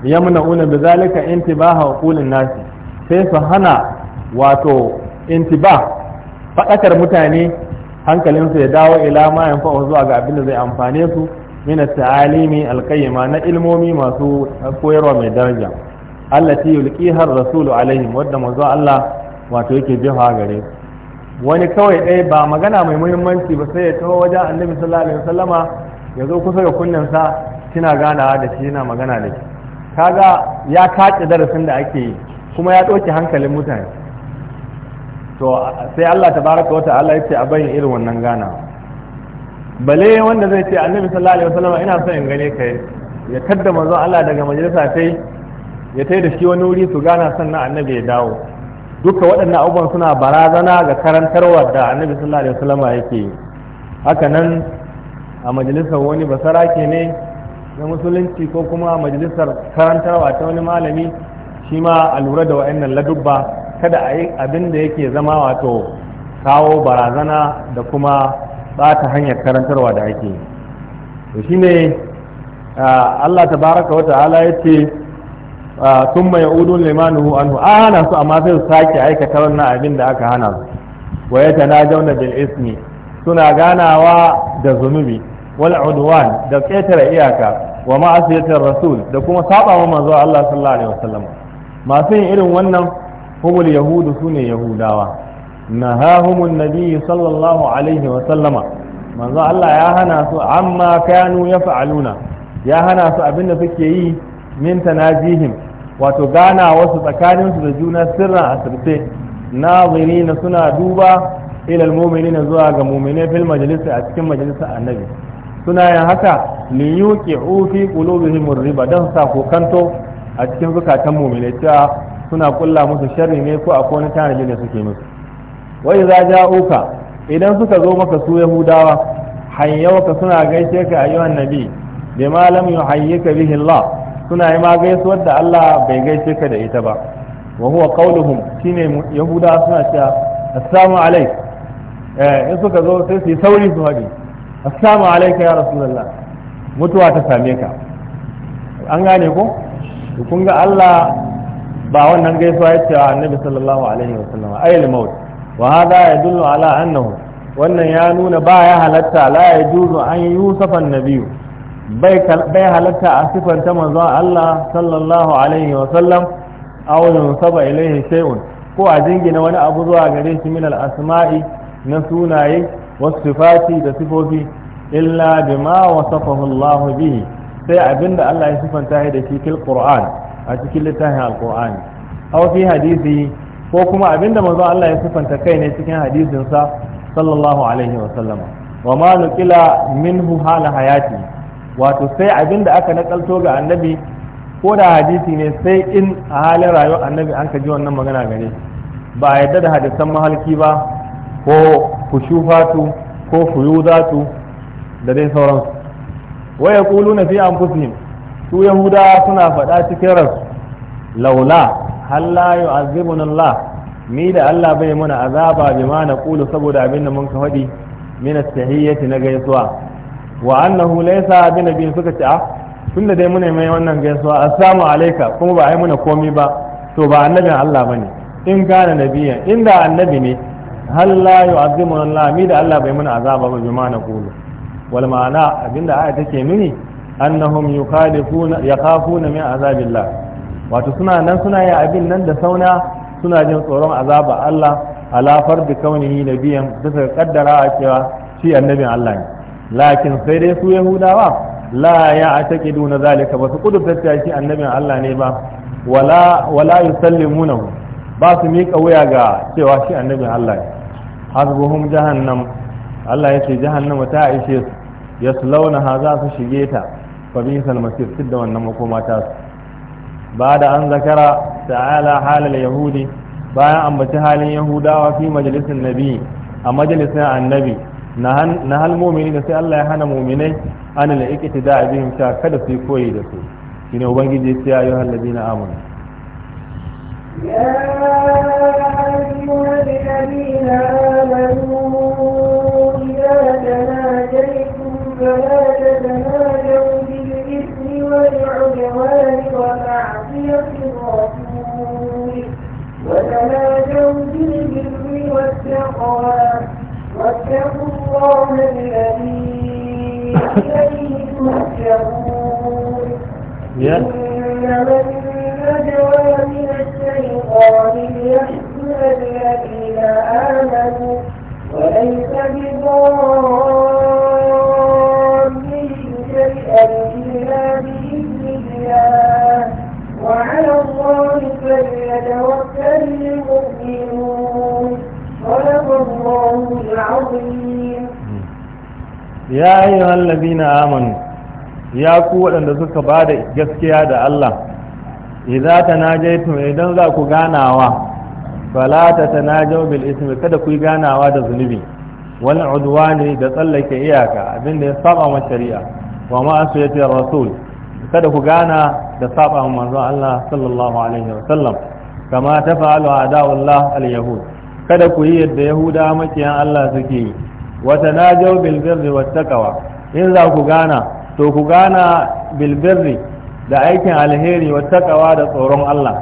yamna'una zalika intibaha wa qulun nasi sai su hana wato intiba faɗakar mutane hankalinsu ya dawo ila ma yanfa'u zuwa ga abin da zai amfane su min ta'alimi alqayyima na ilmomi masu koyarwa mai daraja allati yulqiha ar-rasulu alaihim wadda manzo Allah wato yake jefa gare wani kawai ɗaya ba magana mai muhimmanci ba sai ya taho wajen annabi sallallahu alaihi wasallama ya zo kusa ga kunnensa kina ganawa da shi yana magana da shi kaga ya kace darasin da ake yi kuma ya ɗauki hankalin mutane to sai Allah ta baraka wata Allah ya ce a bayin irin wannan gana. bale wanda zai ce annabi sallallahu alaihi wasallam ina son in gane kai ya kadda manzo Allah daga majalisa sai ya tai da shi wani wuri su gana sannan annabi ya dawo duka waɗannan abubuwan suna barazana ga karantarwa da annabi sallallahu alaihi wasallam yake haka nan a majalisar wani ke ne na musulunci ko kuma majalisar karantarwa ta wani malami shi ma a lura da wa'annan ladubba kada a yi abin da yake zama wato kawo barazana da kuma bata hanyar karantarwa da ake to shi ne Allah ta baraka wa ta'ala ya ce sun mai udun limanuhu anhu a hana su amma sai su sake aikata wannan abin da aka hana su wa ya jauna bil ismi suna ganawa da zunubi wal udwan da ƙetare iyaka wa ma'asiyatar rasul da kuma saba wa manzo Allah sallallahu alaihi wasallam masu yin irin wannan humul yahudu su ne yahudawa na hahumun nabi sallallahu alaihi wa sallama manzo Allah ya hana su amma kanu ya fa'aluna ya hana su abinda suke yi min tanajihim wato gana wasu tsakaninsu da juna sirran asirce nazirina suna duba ilal na zuwa ga mu'mine fil majalisa a cikin majalisa annabi suna yin haka li yuqi'u fi riba dan sa kokanto a cikin zukatan mu'minai cewa suna kulla musu sharri ne ko akwai wani tanaji ne suke musu wai za ja'uka idan suka zo maka su yahudawa ka suna gaishe ka ayyuhan nabi ma lam yuhayyika bihi Allah suna yi ma gaisuwar da Allah bai gaishe ka da ita ba wa huwa qauluhum shine yahuda suna cewa assalamu alayk eh in suka zo sai su sauri su hadi assalamu alayka ya rasulullah mutuwa ta same ka an gane ko to kun ga Allah ba wannan gaisuwa ya ce wa annabi sallallahu alaihi wa sallam ayyul maut wa hada yadullu ala annahu wannan ya nuna ba ya halatta la yajuzu an yusufan nabiyyu bai bai halatta a sifanta manzon Allah sallallahu alaihi wa sallam aw yunsaba ilaihi shay'un ko a jingina wani abu zuwa gare shi min al-asma'i na sunaye wasu sifati da sifofi illa bima wasafahu Allah bihi sai abinda Allah ya sifanta da shi fil Qur'an a cikin littafin al quran aw fi hadisi ko kuma abinda manzo Allah ya sifanta kai ne cikin hadisin sa sallallahu alaihi wa sallama wa ma nuqila minhu hala hayati wato sai abinda aka nakalto ga annabi ko da hadisi ne sai in a halin rayuwar annabi an ka ji wannan magana gare ba a yadda da hadisan mahalki ba ko kushufatu ko fuyudatu da dai sauransu wa yaquluna fi anfusihim su yahuda suna faɗa cikin rasu laula hal la yu'azzibuna Allah mi da Allah bai muna azaba ma naqulu saboda abin da mun ka faɗi min at-tahiyyati na gaisuwa wa annahu laysa bi nabiyyin suka ce ah tunda dai muna mai wannan gaisuwa assalamu alayka kuma ba ai muna komai ba to ba annabin Allah bane in kana nabiya inda annabi ne hal la yu'azzimuna Allah mi da Allah bai muna azaba ba ma naqulu wal ma'ana abinda aya take mini annahum yukhalifuna yakhafuna min azabillah wato suna nan suna yin abin nan da sauna suna jin tsoron azaba Allah ala fardi kaunihi nabiyan bisa kaddara cewa shi annabin Allah ne lakin sai dai su yahudawa la ya ataqidu duna zalika ba su kudurta shi annabin Allah ne ba wala wala yusallimunahu ba su miƙa wuya ga cewa shi annabin Allah ne hasbuhum jahannam Allah ya ce jahannama ta aishe su yaslawnaha za su shige ta fa bisal masir da wannan makoma ta su bada an zakara ta'ala halal yahudi bayan ambaci halin yahudawa fi majalisin nabi a majalisin annabi na hal mumini da sai Allah ya hana muminai an la da bihim ta kada su koyi da su shine ubangiji sai ayu halladina amanu ya ayyuhal ladina amanu ولا تتناجوا بالإثم والعدوان ومعصية الرسول وتناجوا بالبر والتقوى واتقوا الله الذي إليه تحشرون إنما النجوى من الشيطان ليحزن الذين آمنوا وليس بضار فأتينا بإذن الله وعلى يا أيها الذين آمنوا waɗanda suka ba da gaskiya da Allah idza tanajaytum idan za ku ganawa fala ta tanajaw bil ismi kada ku ganawa da zunubi wal udwani da tsallake iyaka abinda ya saba ma shari'a wa ma'asu ya asiyatir rasul kada ku gana da saba manzon Allah sallallahu alaihi wa sallam kama tafa'alu adawullah al-yahud kada ku yi yadda yahuda makiyan Allah suke yi wa tanajaw bil birri wat taqwa in za ku gana to ku gana bil birri da aikin alheri wat taqwa da tsoron Allah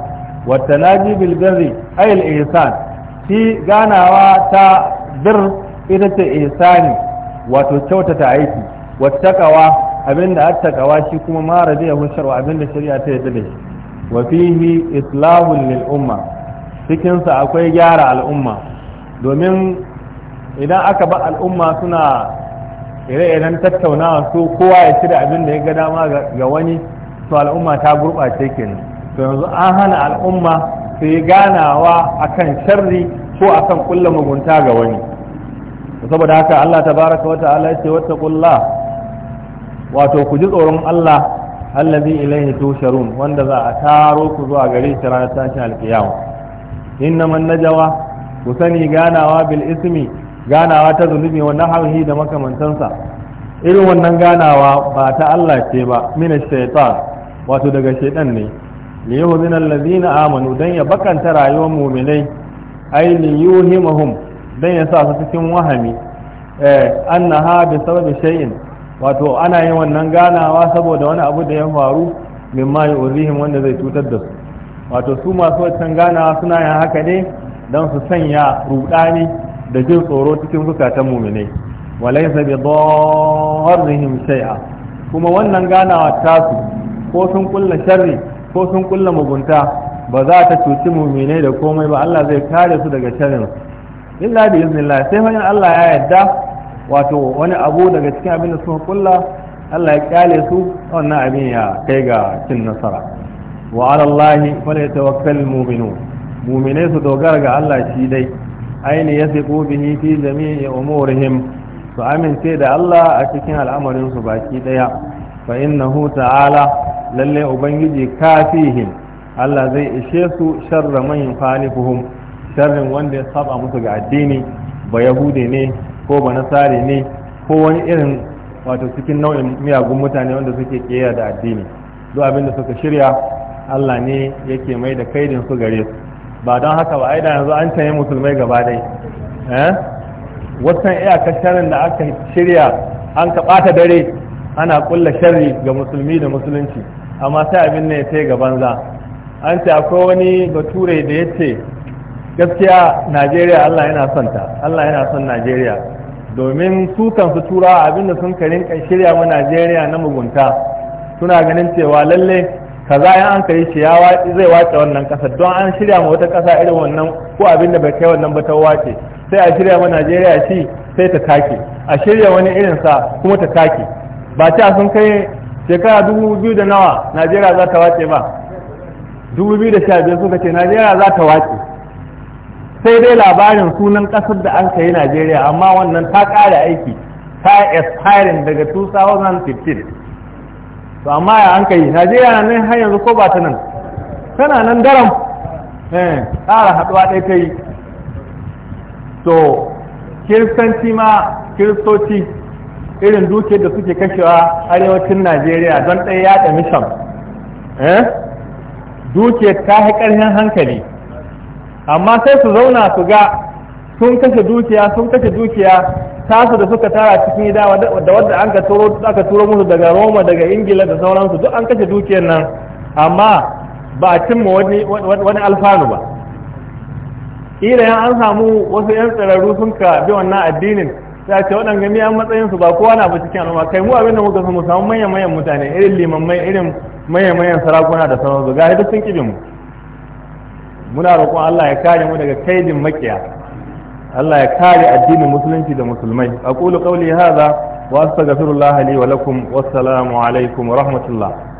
wa tanaji bil birri ay al ihsan shi ganawa ta bir ita ce ihsani wato kyautata aiki wa taqwa abin da aka takawa shi kuma mara zai hushar wa abin da shari'a ta yadda da shi wa fihi islahun lil umma akwai gyara al'umma domin idan aka ba al'umma suna ire-iren tattaunawa so kowa ya shirya abin da ya ga dama ga wani to al'umma ta gurɓace kenan to yanzu an hana al'umma su yi ganawa akan sharri ko akan kulla mugunta ga wani saboda haka Allah ta wa ta'ala ya ce wata kulla wato ku ji tsoron Allah allazi ilaihi tusharun wanda za a taro ku zuwa gare shi ranar tashin alkiyama innaman najawa ku sani ganawa bil ismi ganawa ta zunubi wa nahawhi da makamantansa irin wannan ganawa ba ta Allah ce ba mina shaitan wato daga shaitan ne li yuhzina allazina amanu dan ya bakanta rayuwar mu'minai ay li yuhimahum dan ya sa su cikin wahami eh annaha bi sababi shay'in wato ana yin wannan ganawa saboda wani abu da ya faru min ma yu'zihim wanda zai cutar da su wato su masu wancan ganawa suna yin haka ne don su sanya rudani da jin tsoro cikin zukatan mu'minai walaysa bi darrihim shay'a kuma wannan ganawa ta su, ko sun kulla sharri ko sun kulla mugunta ba za ta cuci mu'minai da komai ba Allah zai kare su daga sharrin illa bi iznillah sai fa Allah ya yarda wato wani abu daga cikin abin da suka kulla Allah ya kyale su wannan abin ya kai ga cin nasara wa ala Allah falyatawakkal muminu. mu'minai su dogara ga Allah shi dai aini yasiqu bihi fi jami'i umurihim su amince da Allah a cikin al'amarin su baki daya fa innahu ta'ala lalle ubangiji kafihim Allah zai ishe su sharra man yukhalifuhum sharrin wanda ya saba musu ga addini ba yahude ne ko ba nasari ne ko wani irin wato cikin nau'in miyagun mutane wanda suke kera da addini duk abin da suka shirya Allah ne yake mai da kaidin su gare su ba don haka ba aida yanzu an canye musulmai gaba dai eh wasan iyakar sharrin da aka shirya an ka bata dare ana kulla sharri ga musulmi da musulunci amma sai abin ne sai ga banza an ce akwai wani bature da ya ce gaskiya najeriya allah yana son ta allah yana son najeriya domin su kansu turawa abinda sun karin shirya wa najeriya na mugunta suna ganin cewa lalle kaza ya an kai shi ya zai wace wannan kasa don an shirya ma wata kasa irin wannan ko abinda bai kai wannan ba ta wace sai a shirya ma najeriya shi sai ta take a shirya wani irin sa kuma ta take ba ta sun kai shekara dubu biyu da nawa najeriya za ta wace ba dubu biyu da sha biyu suka ce najeriya za ta wace sai dai labarin sunan kasar da an kai Najeriya amma wannan ta ƙara aiki ta expiring daga 2015 to amma ya an kai Najeriya nan har yanzu ko ba ta nan tana nan daram eh tsara haduwa ɗaya ta yi to kiristanci ma kiristoci irin duke da suke kashewa arewacin Najeriya don ɗaya yaɗa mission eh duke ta haƙarhin hankali amma sai su zauna su ga sun kashe dukiya sun kashe dukiya tasu da suka tara cikin gida da wadda an turo aka turo musu daga Roma daga Ingila da sauransu duk an kashe dukiyar nan amma ba a cimma wani wani alfanu ba ila an samu wasu yan tsararru sun ka bi wannan addinin sai ce gami an matsayin su ba kowa na ba cikin al'umma kai mu abinda muka so mu samu manyan manyan mutane irin limammai irin manyan manyan sarakuna da sauransu ga duk sun kibe mu muna roƙon Allah ya kare mu daga kaidin makiya Allah ya kare addinin musulunci da musulmai aqulu qawli hadha wa astaghfirullaha li wa lakum wassalamu alaikum wa rahmatullah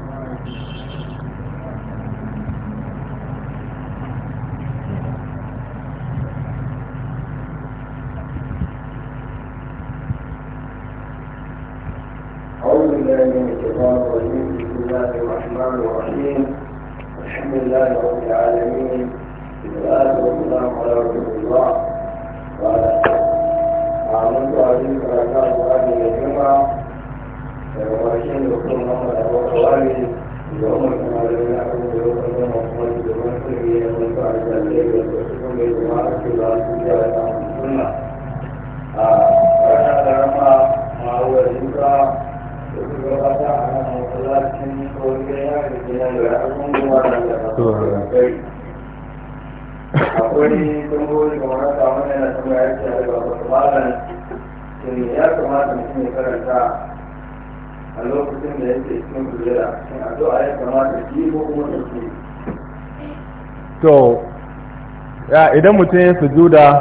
idan mutum ya sujuda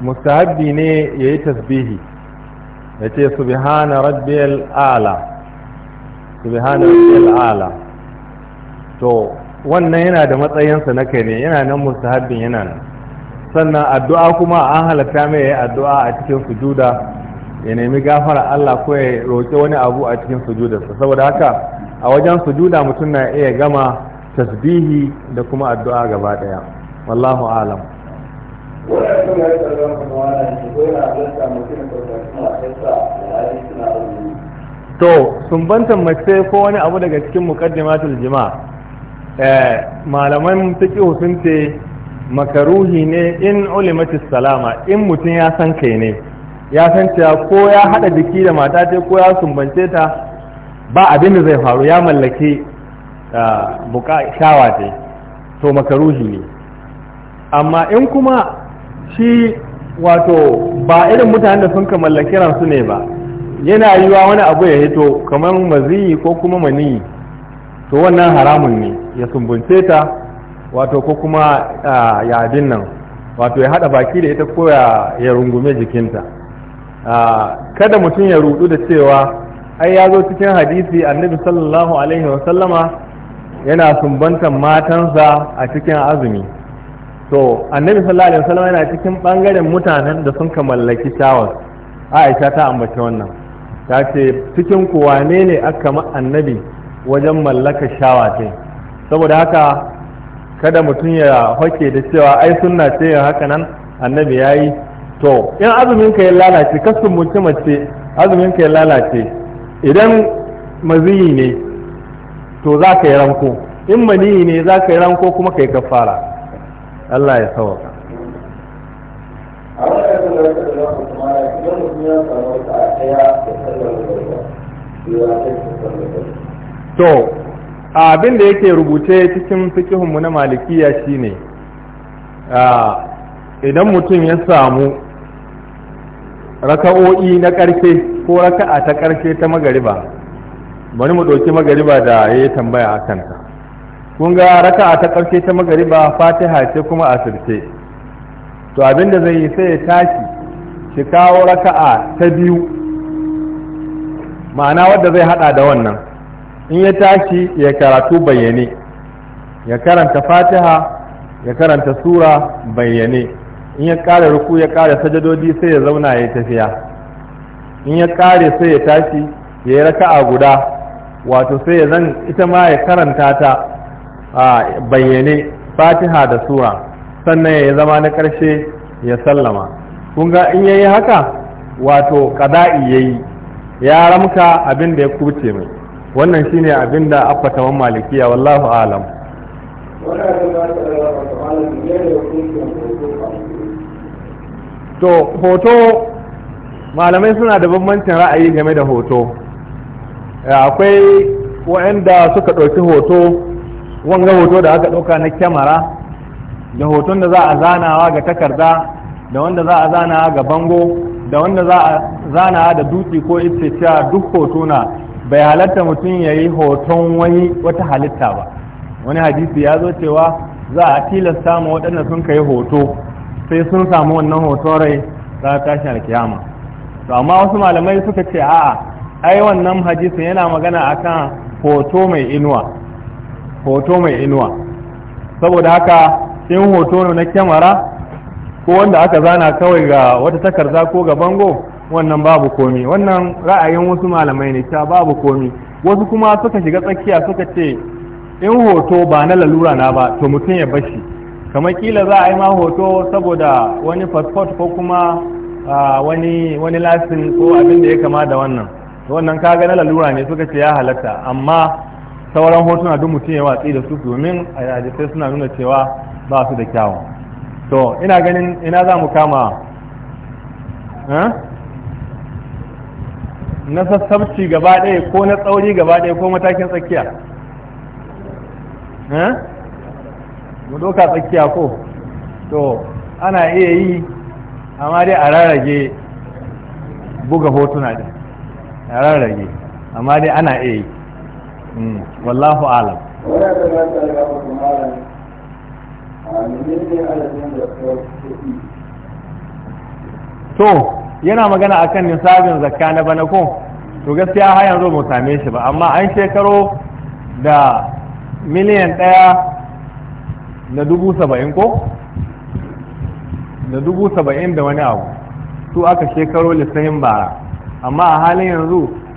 mustahabbi ne ya yi tasbihi ya ce subhana rabbiyar ala su subhana rabbiyar ala to wannan yana da matsayinsa na kai ne yana nan mustahabbin yana nan sannan addu'a kuma an halatta mai ya yi addu'a a cikin sujuda ya nemi gafara Allah ko ya roƙi wani abu a cikin sujudarsa saboda haka a wajen sujuda mutum na iya gama tasbihi da kuma addu'a gaba ɗaya wallahu alam to sumbantan mace ko wani abu daga cikin muqaddimatul jima eh, malaman fiqh sun ce makaruhi ne in ulimatis salama in mutum ya san kai ne ya san cewa ko ya hada biki da mata ce ko ya sumbance ta ba abin da zai faru ya mallaki ah, buka shawa ce to makaruhi ne amma in kuma shi wato ba irin mutanen da sun ka mallaki ransu ne ba yana yiwa wani abu ya hito kamar maziyi ko kuma mani to wannan haramun ne ya sumbunce ta wato ko kuma ya nan wato ya hada baki da ita ko ya rungume jikinta kada mutum ya rudu da cewa ai ya zo cikin hadisi annabi sallallahu alaihi wasallama yana sumbantan matansa a cikin azumi to annabi sallallahu alaihi wasallam yana cikin bangaren mutanen da sun mallaki shawar aisha ta ambaci wannan ta ce cikin ku ne ne aka ma annabi wajen mallaka shawa ce saboda haka kada mutum ya hake da cewa ai sunna ce ya haka nan annabi ya yi to in azumin ka ya lalace kasu mutum mace azumin ka ya lalace idan maziyi ne to za ka yi ranko in maniyi ne za ka yi ranko kuma ka yi kafara Allah ya sauka to abin da yake rubuce cikin fikihunmu na malikiya shine idan mutum ya samu raka'o'i na ƙarfe ko raka'a ta ƙarfe ta magariba bari mu ɗauki magariba da ya yi tambaya a kanta kun ga raka'a ta ƙarshe ta magariba fatiha ce kuma asirce to abin da zai yi sai ya tashi shi kawo raka'a ta biyu ma'ana wadda zai haɗa da wannan in ya tashi ya karatu bayyane ya karanta fatiha ya karanta sura bayyane in ya ƙara ruku ya ƙara sajadodi sai ya zauna ya tafiya in ya ƙare sai ya tashi ya yi raka'a guda wato sai ya zan ita ma ya karanta ta a bayyane fatiha da sura sannan ya zama na ƙarshe ya sallama kun ga in yayi haka wato ƙada'i yayi ya ramka abin da ya kuce mai wannan shine abin da affatawan malikiya wallahu alam to hoto malamai suna da bambancin ra'ayi game da hoto akwai waɗanda suka ɗauki hoto wanga hoto da aka ɗauka na kyamara da hoton da za a zanawa ga takarda da wanda za a zanawa ga bango da wanda za a zanawa da dutse ko ice duk hoto na bai halatta mutum ya yi hoton wani wata halitta ba wani hadisi ya zo cewa za a tilasta ma waɗanda sun kai hoto sai sun samu wannan hoton rai za a tashi alkiyama to amma wasu malamai suka ce a'a ai wannan hadisin yana magana akan hoto mai inuwa hoto mai inuwa saboda haka in hoto na kyamara ko wanda aka zana kawai ga wata takarda ko ga bango wannan babu komi wannan ra'ayin wasu malamai ne ta babu komi wasu kuma suka shiga tsakiya suka ce in hoto ba na lalura na ba to mutum ya bashi kamar kila za a yi ma hoto saboda wani fasfot ko kuma wani wani lasin ko abin da ya kama da wannan wannan kaga na lalura ne suka ce ya halatta amma sauran hotuna duk mutum ya watsi da su domin a hadisai suna nuna cewa ba su da kyawun to ina ganin ina za mu kama eh? na sassabci gaba ɗaya ko na tsauri gaba ɗaya ko matakin tsakiya eh? mu doka tsakiya ko to ana iya yi amma dai a rarrage buga hotuna ɗin a rarrage amma dai ana iya yi Hmm. wallahu alam to yana magana akan nisabin zakka na bana ko to gaskiya har yanzu mu same shi ba amma an shekaro da miliyan ɗaya da dubu saba'in ko da dubu saba'in da wani abu su aka shekaro lissahin bara amma a halin yanzu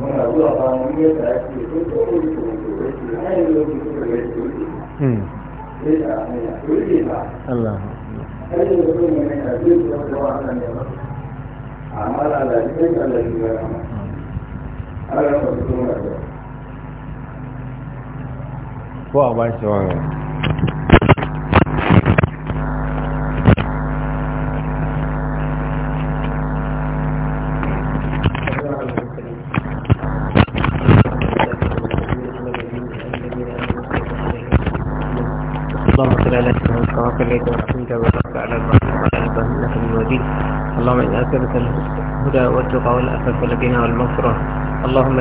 muna zuwa kwanan yadda ake ko ko ko ko ko ko ko ai yau ko ko ko ko hmm sai da ne ko ko ba Allah ai yau ko ne ne da zai ko ko wannan ne ko amma da da sai ko Allah ya rahama Allah ko ko ko ko a ko shi wannan صليت ورحمت وبارك على ابراهيم وعلى ال ابراهيم انك اللهم إن اسالك الهدى والتقى والعفاف والغنى والمغفره اللهم